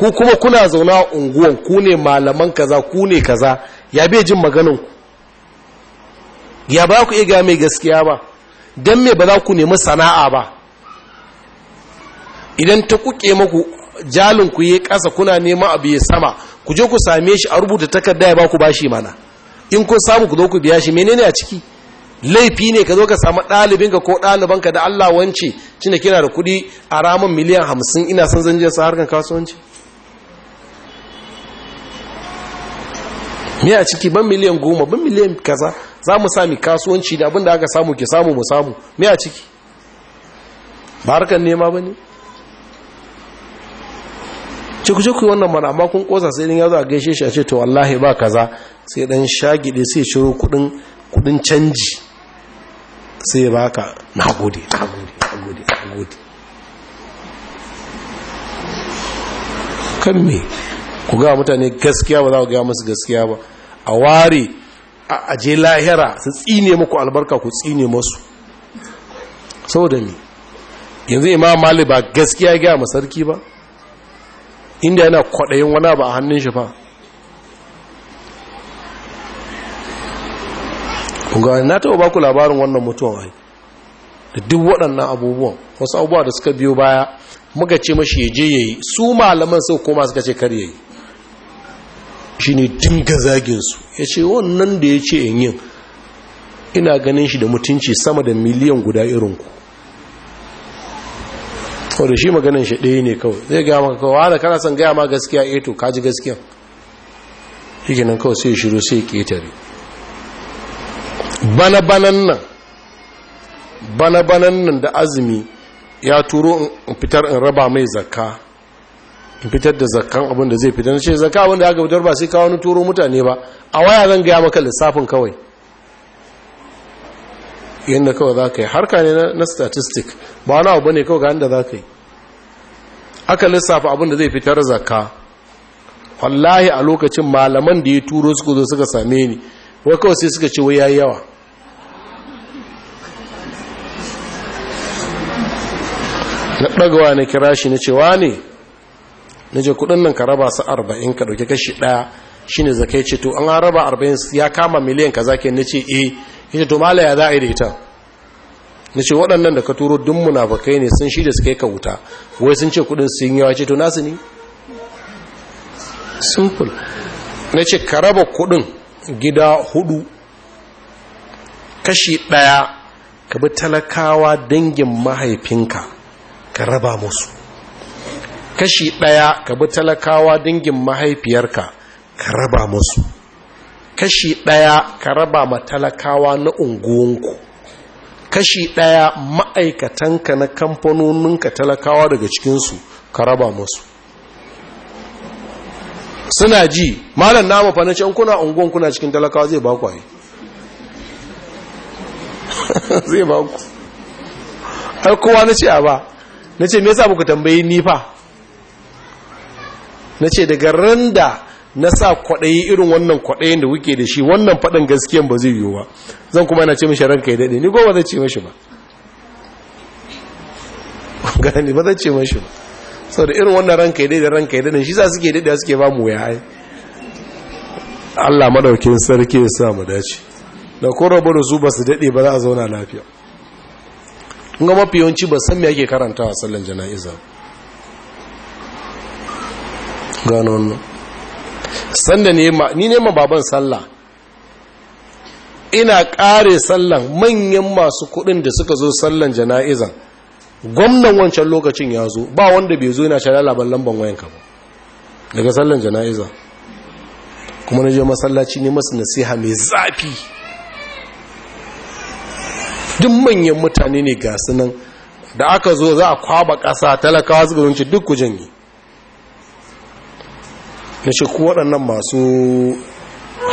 ku kuma kuna zauna a unguwan ku ne malaman kaza ku ne kaza ya bai jin maganin ku ya ba ku iya mai gaskiya ba don me ba za ku nemi sana'a ba idan ta kuke maku jalin ku yi kasa kuna neman abu ya sama ku je ku same shi a rubuta takarda ya ba ku bashi mana in kun samu ku zo ku biya shi menene a ciki laifi ne ka zo ka samu ɗalibinka ko ɗalibanka da Allah wance cina kina da kuɗi a ramin miliyan hamsin ina son zan je sa harkar kasuwanci me a ciki ban miliyan goma ban miliyan kaza za mu sami kasuwanci da abinda aka samu ke samu mu samu me a ciki ba harkar nema ba ne cikin wannan mana amma kun kosa sai din ya zo a gaishe shi a ce to wallahi ba kaza sai dan shagide sai shiro kudin canji sai baka na gode na gode kan me ku ga mutane gaskiya ba za ku ga masu gaskiya ba a ware a je lahira su tsine muku albarka ku tsine musu saboda ne yanzu imam Mali ba gaskiya gaya masarki ba inda yana kwaɗayin wani ba a hannun shi ba. ga na taɓa baku labarin wannan mutuwan ai da duk waɗannan abubuwan wasu abubuwa da suka biyo baya muka ce mashi ya je ya yi su malaman sau koma suka ce kar ya shine dinga zagin su yace wannan da ce in yin ina ganin shi da mutunci sama da miliyan guda irin ku da shi maganin shi ɗaya ne kawai zai gama maka kawai wanda kana son gaya ma gaskiya eto eh to kaji gaskiya shi nan kawai sai shiru sai ya bana banan nan bana banan nan da azumi ya turo in fitar in raba mai zakka fitar da zakkan abin da zai fitar ce zakka abin da aka fitar ba sai kawo wani turo mutane ba a waya zan gaya maka lissafin kawai yadda kawai za ka yi harka ne na statistic ba wani abu ne kawai ga yadda za ka yi aka lissafa abin da zai fitar zakka wallahi a lokacin malaman da ya turo suka zo suka same ni wai kawai sai suka ce wai ya yawa na ɗagawa na kira shi na cewa ne na je kudin nan ka raba su arba'in ka dauki kashi ɗaya shi ne zakai ce to an raba arba'in ya kama miliyan ka zake na ce eh ita to mala ya za a yi da ita na ce waɗannan da ka turo duk munafakai ne sun shi da suka yi ka wuta wai sun ce kudin sun yawa ce to nasu ne simple na ce ka raba kudin gida hudu kashi ɗaya ka bi talakawa dangin mahaifinka ka raba musu kashi ɗaya ka bi talakawa dingin mahaifiyarka ka raba musu kashi ɗaya ka raba ma talakawa na unguwanku kashi ɗaya ma'aikatanka na kamfanoninka talakawa daga cikinsu ka raba musu suna ji malam namu fa na ce kuna unguwan kuna cikin talakawa zai ba kwaye zai ba ku har kowa na ce a ba na ce me yasa ku tambayi ni fa na ce daga ran da na sa kwaɗayi irin wannan kwaɗayin da wuke da shi wannan faɗin gaskiyan ba zai yiwu ba zan kuma na ce mashi ranka ya daɗe ni goma zai ce mashi ba gani ba zai ce mashi ba sau da irin wannan ranka ya daɗe ranka ya daɗe shi za suke daɗe suke ba mu ya yi. Allah madaukin sarki ya sa mu dace da ko rabu da su ba su daɗe ba za a zauna lafiya Kuma mafi yawanci ba san me ake karantawa a sallan jana'iza gano wannan sanda ne ma ni ne ma baban sallah ina kare sallan manyan masu kudin da suka zo sallan jana'izan gwamnan wancan lokacin ya zo ba wanda bai zo yana shara laban lamban wayanka ba daga sallan jana'iza kuma na je masallaci ne masu nasiha mai zafi duk manyan mutane ne ga nan da aka zo za a kwaba ƙasa talakawa zuwa wancan duk ku janye na ce ku waɗannan masu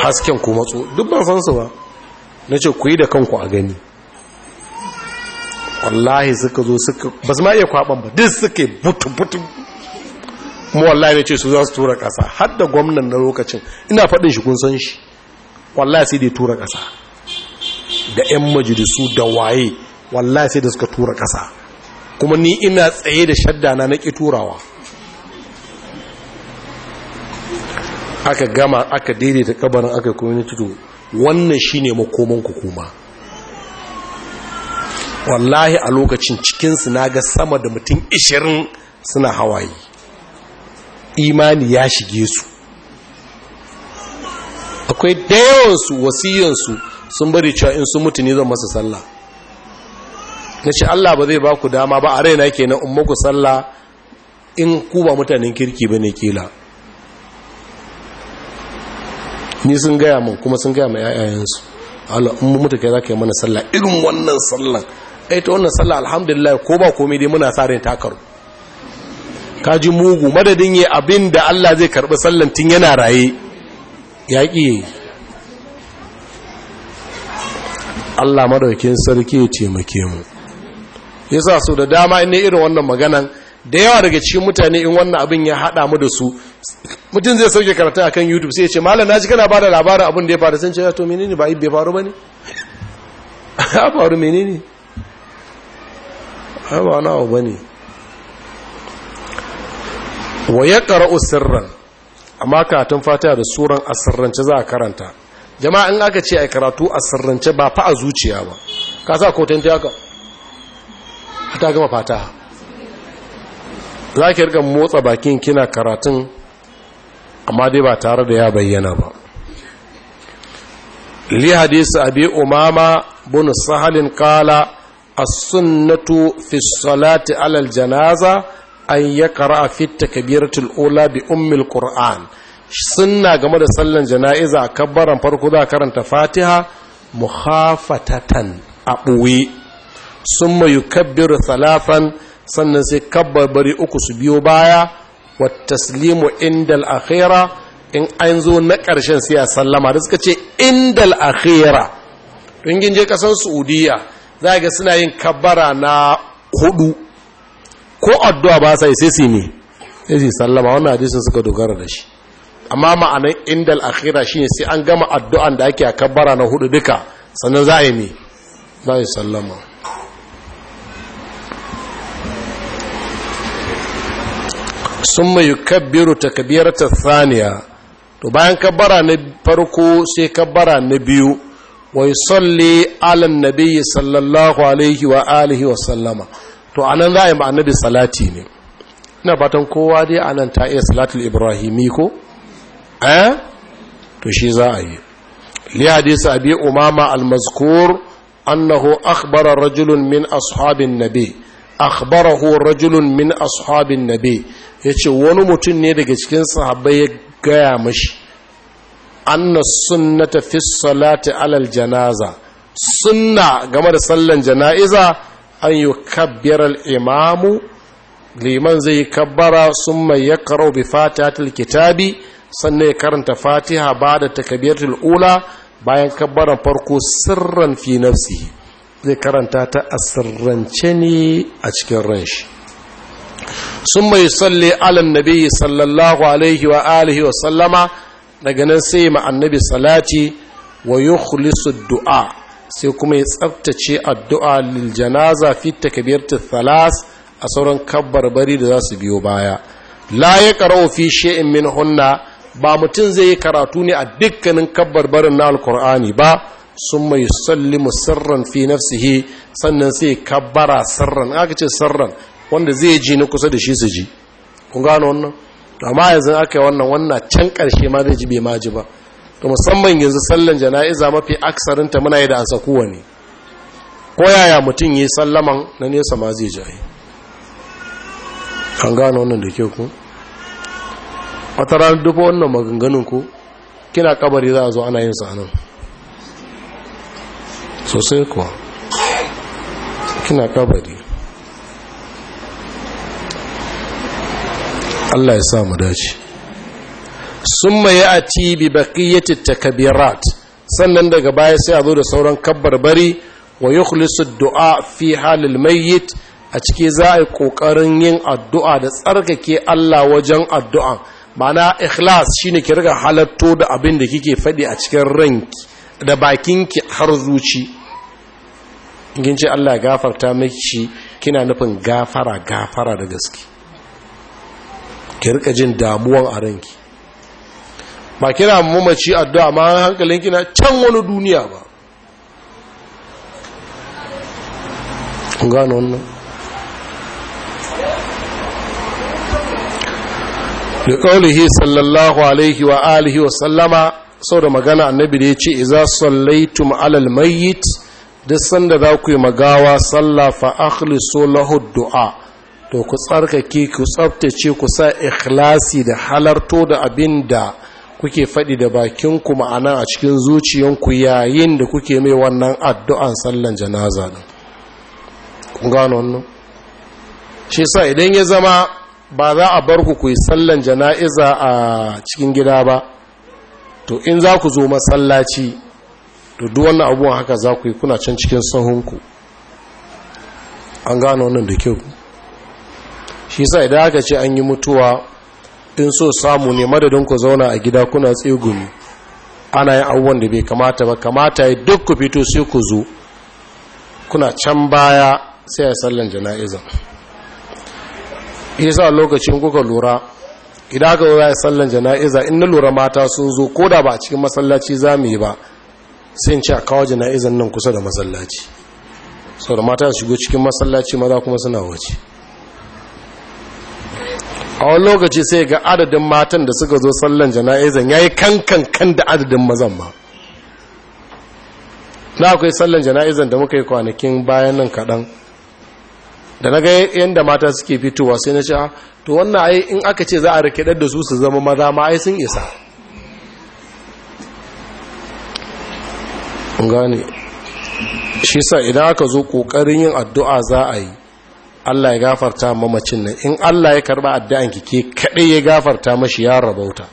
hasken ku matso duk ban san su ba na ce ku yi da kanku a gani wallahi suka zo suka ba su ma iya kwaban ba duk suke butu-butu mu wallahi na ce su za su tura ƙasa har da gwamnan na lokacin ina faɗin shi kun san shi wallahi sai dai tura ƙasa da 'yan majalisu da waye wallahi sai da suka tura ƙasa kuma ni ina tsaye da shadda na na ƙi turawa aka gama aka daidaita kabarin aka kuma tudu wannan shine makoman ku kuma wallahi a lokacin cikin na ga sama da mutum ishirin suna hawaye imani ya shige su akwai wasiyan su sun bari cewa in sun mutu ne zan masa sallah na allah ba zai ba ku dama ba a raina kenan in ku sallah in ku ba mutanen kirki ba ne kila ni sun gaya mun kuma sun gaya ma yayayensu Allah in mu mutu kai zaka yi mana sallah irin wannan sallan ai ta wannan sallah alhamdulillah ko ba komai dai muna sa ran takar ka ji mugu madadin yi abinda Allah zai karbi sallan tun yana raye yaƙi Allah madaukin sarki ya taimake mu yasa so da dama in irin wannan maganan da yawa daga cikin mutane in wannan abin ya haɗa mu da su mutum zai sauke karatu akan youtube sai ya ce malam naji kana bada da labarin abin da ya faru sun ce to menene ba bai faru ba ne ya faru menene ba na abu ba ne wa ya ƙara'u sirran amma karatun fata da suran asirrance za a karanta jama'a in aka ce a karatu asirrance ba fa a zuciya ba ka sa kotun ta yaka ta gama fata za ki riga motsa bakin kina karatun amma dai ba tare da ya bayyana ba li hadisi abi umama bin sahalin kala as-sunnatu fi salati ala al-janaza an yaqra fi takbiratul ula bi ummil qur'an sunna game da sallan jana'iza a kabbaran farko za karanta fatiha muhafatatan a summa yukabbiru thalathan salafan sannan sai bari uku su biyo baya wa taslimu indal akhira in an zo na ƙarshen sai a sallama da suka ce indal akhira don ginje kasan saudiya za ga suna yin kabbara na hudu ko addu'a ba sai sai su ne sai su sallama wannan hadisin suka dogara da shi amma ma'anan indal akhira shine sai an gama addu'an da ake a kabbara na hudu duka sannan za a yi ne za a yi sallama sun mai kabbiru ta kabirata thaniya to bayan kabbara na farko sai kabbara na biyu wai salli alan nabiyyi sallallahu alaihi wa alihi wa sallama to anan za a yi ma annabi salati ne ina fatan kowa dai anan ta iya salatul ibrahimi ko eh to shi za a yi li hadisi abi umama al-mazkur annahu akhbara rajulun min ashabin nabi akhbarahu rajulun min ashabin nabi yace wani mutum ne daga cikin sahabbai ya gaya mashi anna sunnata fi salati alal janaza sunna game da sallan jana'iza an yukabbira al imamu liman zai kabbara summa yaqra'u bi fatihatil kitabi sannan ya karanta fatiha ba da takabiratul ula bayan kabbaran farko sirran fi nafsihi zai karanta ta asirrance ne a cikin ranshi sun mai salli alan nabi sallallahu alaihi wa alihi wa sallama daga nan sai ma annabi salati wa yukhlisu du'a sai kuma ya tsabtace addu'a liljanaza janaza fi thalas a sauran kabbarbari da za su biyo baya la ya qara'u fi min hunna ba mutum zai yi karatu ne a dukkanin kabbarbarin na alkur'ani ba sun mai sallimu sirran fi nafsihi sannan sai kabbara sirran aka ce sirran wanda zai ji na kusa da shi su ji kun gano wannan amma yanzu aka yi wannan wannan can ƙarshe ma zai ji bai ma ji ba to musamman yanzu sallan jana'iza mafi aksarinta muna yi da ansa wani ko yaya mutum yi sallaman na nesa ma zai ji ai an gano wannan da ke ku wata ranar dubo wannan maganganun ku kina kabari za a zo ana yin sa nan sosai kuwa kina kabari Allah ya sa mu dace summa baki bi baqiyati takabirat sannan daga baya sai a zo da sauran kabbarbari wa hulisu du'a fi halil mayyit a ciki za a yi kokarin yin addu'a da tsarkake Allah wajen addu'a ma'ana ikhlas shine ki riga halatto da abin da kike faɗi a cikin ranki da bakinki har zuci kin ce Allah ya gafarta miki kina nufin gafara gafara da gaske ki rika jin damuwan a ranki ba kina mamaci addu'a ma hankalin kina can wani duniya ba gano wannan da kaulihi sallallahu alaihi wa alihi wa sallama sau da magana annabi da ya ce iza sallaitu ma'alal mayit. duk sanda za ku yi magawa sallah fa so lahu du'a to ku tsarkake ku tsaftace ku sa ikhlasi da halarto da abin da kuke faɗi da bakin ku ma'ana a cikin zuciyanku yayin da kuke mai wannan addu'an sallan janaza din kun gano wannan shi sa idan ya zama ba za a bar ku ku yi sallan jana'iza a cikin gida ba to in za ku zo masallaci to duk wannan abuwan haka za ku yi kuna can cikin sahunku an gano wannan da kyau shi sa idan aka ce an yi mutuwa in so samu ne madadin ku zauna a gida kuna tsegumi ana yin abubuwan da bai kamata ba kamata ya duk ku fito sai ku zo kuna can baya sai a sallan jana'izan isa lokacin kuka lura idan aka zo ya sallan jana'iza in na lura mata sun zo ko da ba a cikin masallaci za mu yi ba sai ce a kawo jana'izan nan kusa da masallaci sau da mata shigo cikin masallaci maza kuma suna wace a wani lokaci sai ga adadin matan da suka zo sallan jana'izan ya yi kankankan da adadin mazan ma na akwai sallan jana'izan da muka yi kwanakin bayan nan kaɗan da na ga yadda mata suke fitowa sai na ce ah, to wannan ai in aka ce za a rikidar da su su zama maza ma ai sun isa gane shi sa idan aka zo ƙoƙarin yin addu'a za a yi Allah ya gafarta mamacin nan in Allah ya karba addu'an ki ke kaɗai ya gafarta mashi ya rabauta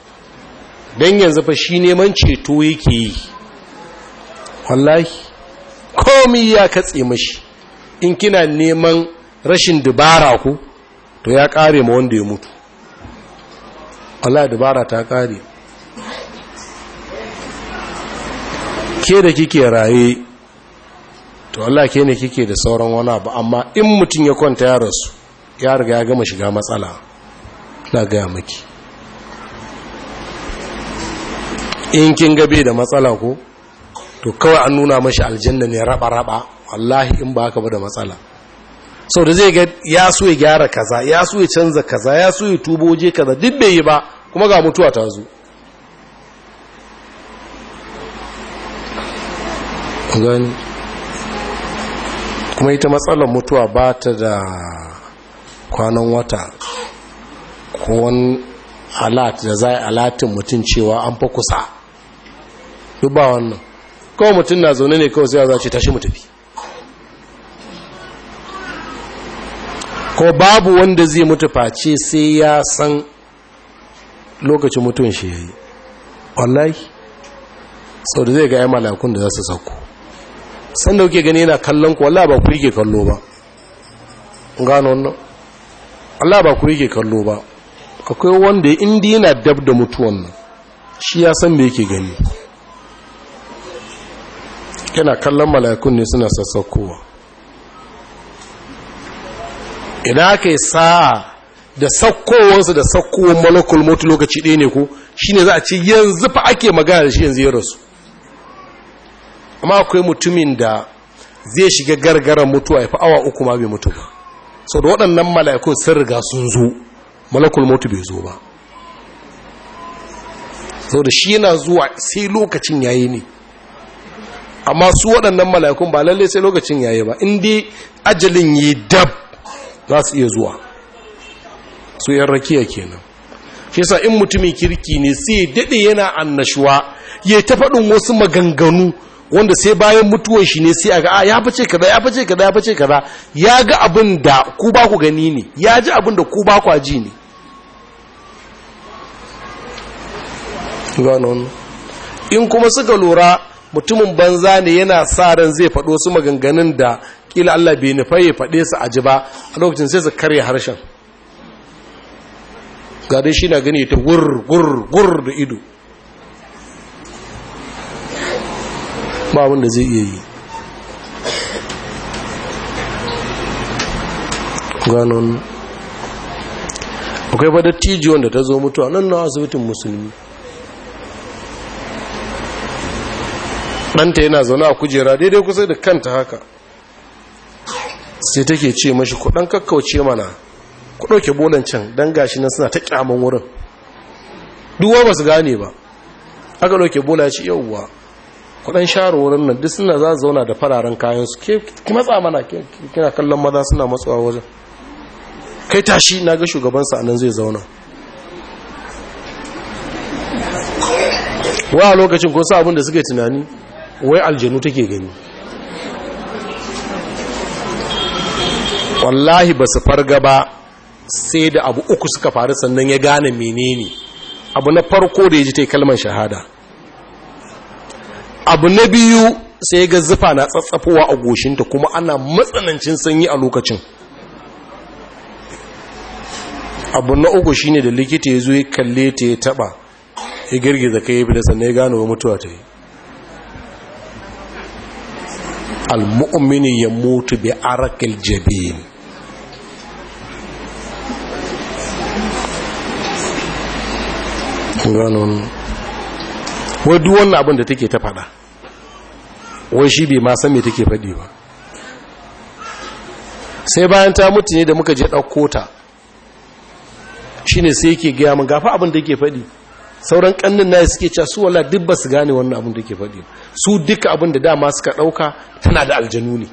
don yanzu fa shi neman ceto yake yi wallahi komi ya katse mashi in kina neman rashin dubara ku to ya ƙare ma wanda ya mutu Wallahi dubara ta ƙare ke da kike raye to Allah ke ne kike da sauran wani abu amma in mutum ya kwanta ya rasu ya riga ya gama shiga matsala na gaya maki in kin gabe da matsala ko to kawai an nuna mashi aljanna ne raba-raba wallahi in ba ka ba da matsala sau da zai ga ya so gyara kaza ya so canza kaza ya so ya tubo kaza duk bai yi ba kuma ga mutuwa ta zo don kuma ita matsalar mutuwa ba ta da kwanan wata ko wani alat da za a alatin mutum cewa an fa kusa duk ba wannan kawai mutum na zaune ne kawai sai za ce tashi mu ko babu wanda zai mutu face sai ya san lokacin mutum shi ya yi wallahi sau da zai ga ya malakun da za su sauko Sanda kuke gani yana kallon ku wallahi ba ku yake kallo ba gano wannan Allah ba ku yake kallo ba akwai wanda indi yana dab da mutuwan nan shi ya san me yake gani yana kallon mala'ikun ne suna sassakowa ina aka yi sa'a da sakkowansu da sakkowar malakul mutu lokaci ɗaya ne ko shi ne za a ce yanzu fa ake magana da shi yanzu ya rasu amma akwai mutumin da zai shiga gargara mutuwa ya fi awa uku ma bai mutu ba sau da waɗannan mala'ikun sun riga sun zo malakul mutu bai zo ba sau da shi yana zuwa sai lokacin yayi ne amma su waɗannan mala'ikun ba lalle sai lokacin yayi ba inda ajalin yi dab za su iya zuwa su yan rakiya kenan shi sa in mutumin kirki ne sai daɗe yana annashuwa ya ta faɗin wasu maganganu wanda sai bayan mutuwan shi ne sai a ga a ah, ya fice kaza ya fice kaza ya fice kaza ya ga abin da ku ba ku gani ne ya ji abin da ku ba ku ji ne in kuma suka lura mutumin banza ne yana sa ran zai faɗo su maganganun da kila Allah bai nufa ya faɗe su ji ba a lokacin sai su karya harshen ga dai shi na gani ta gur gur gur da ido ba abin da zai iya yi ganon akwai da tiji da ta zo mutuwa nan na asibitin musulmi ɗanta yana zaune a kujera daidai kusa da kanta haka sai take ce mashi kudan kakkauce mana ku ɗauke bolan can don gashi nan suna ta kyaman wurin duwa ba su gane ba aka dauke bola ce yauwa kudin share wurin nan duk suna za zauna da fararen kayan su ki matsa mana kina kallon maza suna matsuwa wajen kai tashi na ga shugabansa nan zai zauna wa lokacin ko sa abin da suke tunani wai aljanu take gani wallahi ba su farga ba sai da abu uku suka faru sannan ya gane menene abu na farko da ya ji ta kalmar shahada abu na biyu sai ga zufa na tsatsafowa a goshinta kuma ana matsanancin sanyi a lokacin abu na uku shine da likita ya zo ya kalle ta ya taba ya girgiza kai ya da sannan ya gano wa mutuwa ta yi almu'mini ya mutu bi arakil jabin gano wai duk wannan abin da take ta faɗa wai shi bai ma san me take faɗi ba sai bayan ta mutu ne da muka je ɗauko ta shine sai yake gaya min gafa abin da yake faɗi sauran ƙannin na suke cewa su wala duk ba su gane wannan abin da yake faɗi su duka abin da dama suka ɗauka tana da aljanu ne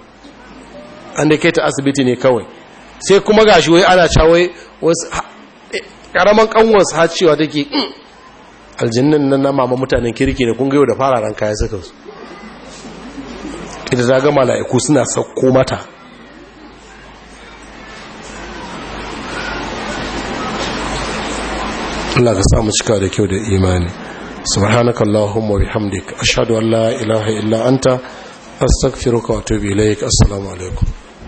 an da kai ta asibiti ne kawai sai kuma gashi wai ana cawai wasu eh, ƙaramin ƙanwarsa ha cewa take mm, aljinnin nan na mama mutanen kirki ne kun gayo da fararen kaya suka su ita ta gama la'iku suna sauko mata Allah ka samu cika da kyau da imani allahumma bi ashhadu an la ilaha illa anta astaghfiruka wa atubu ilaik assalamu alaikum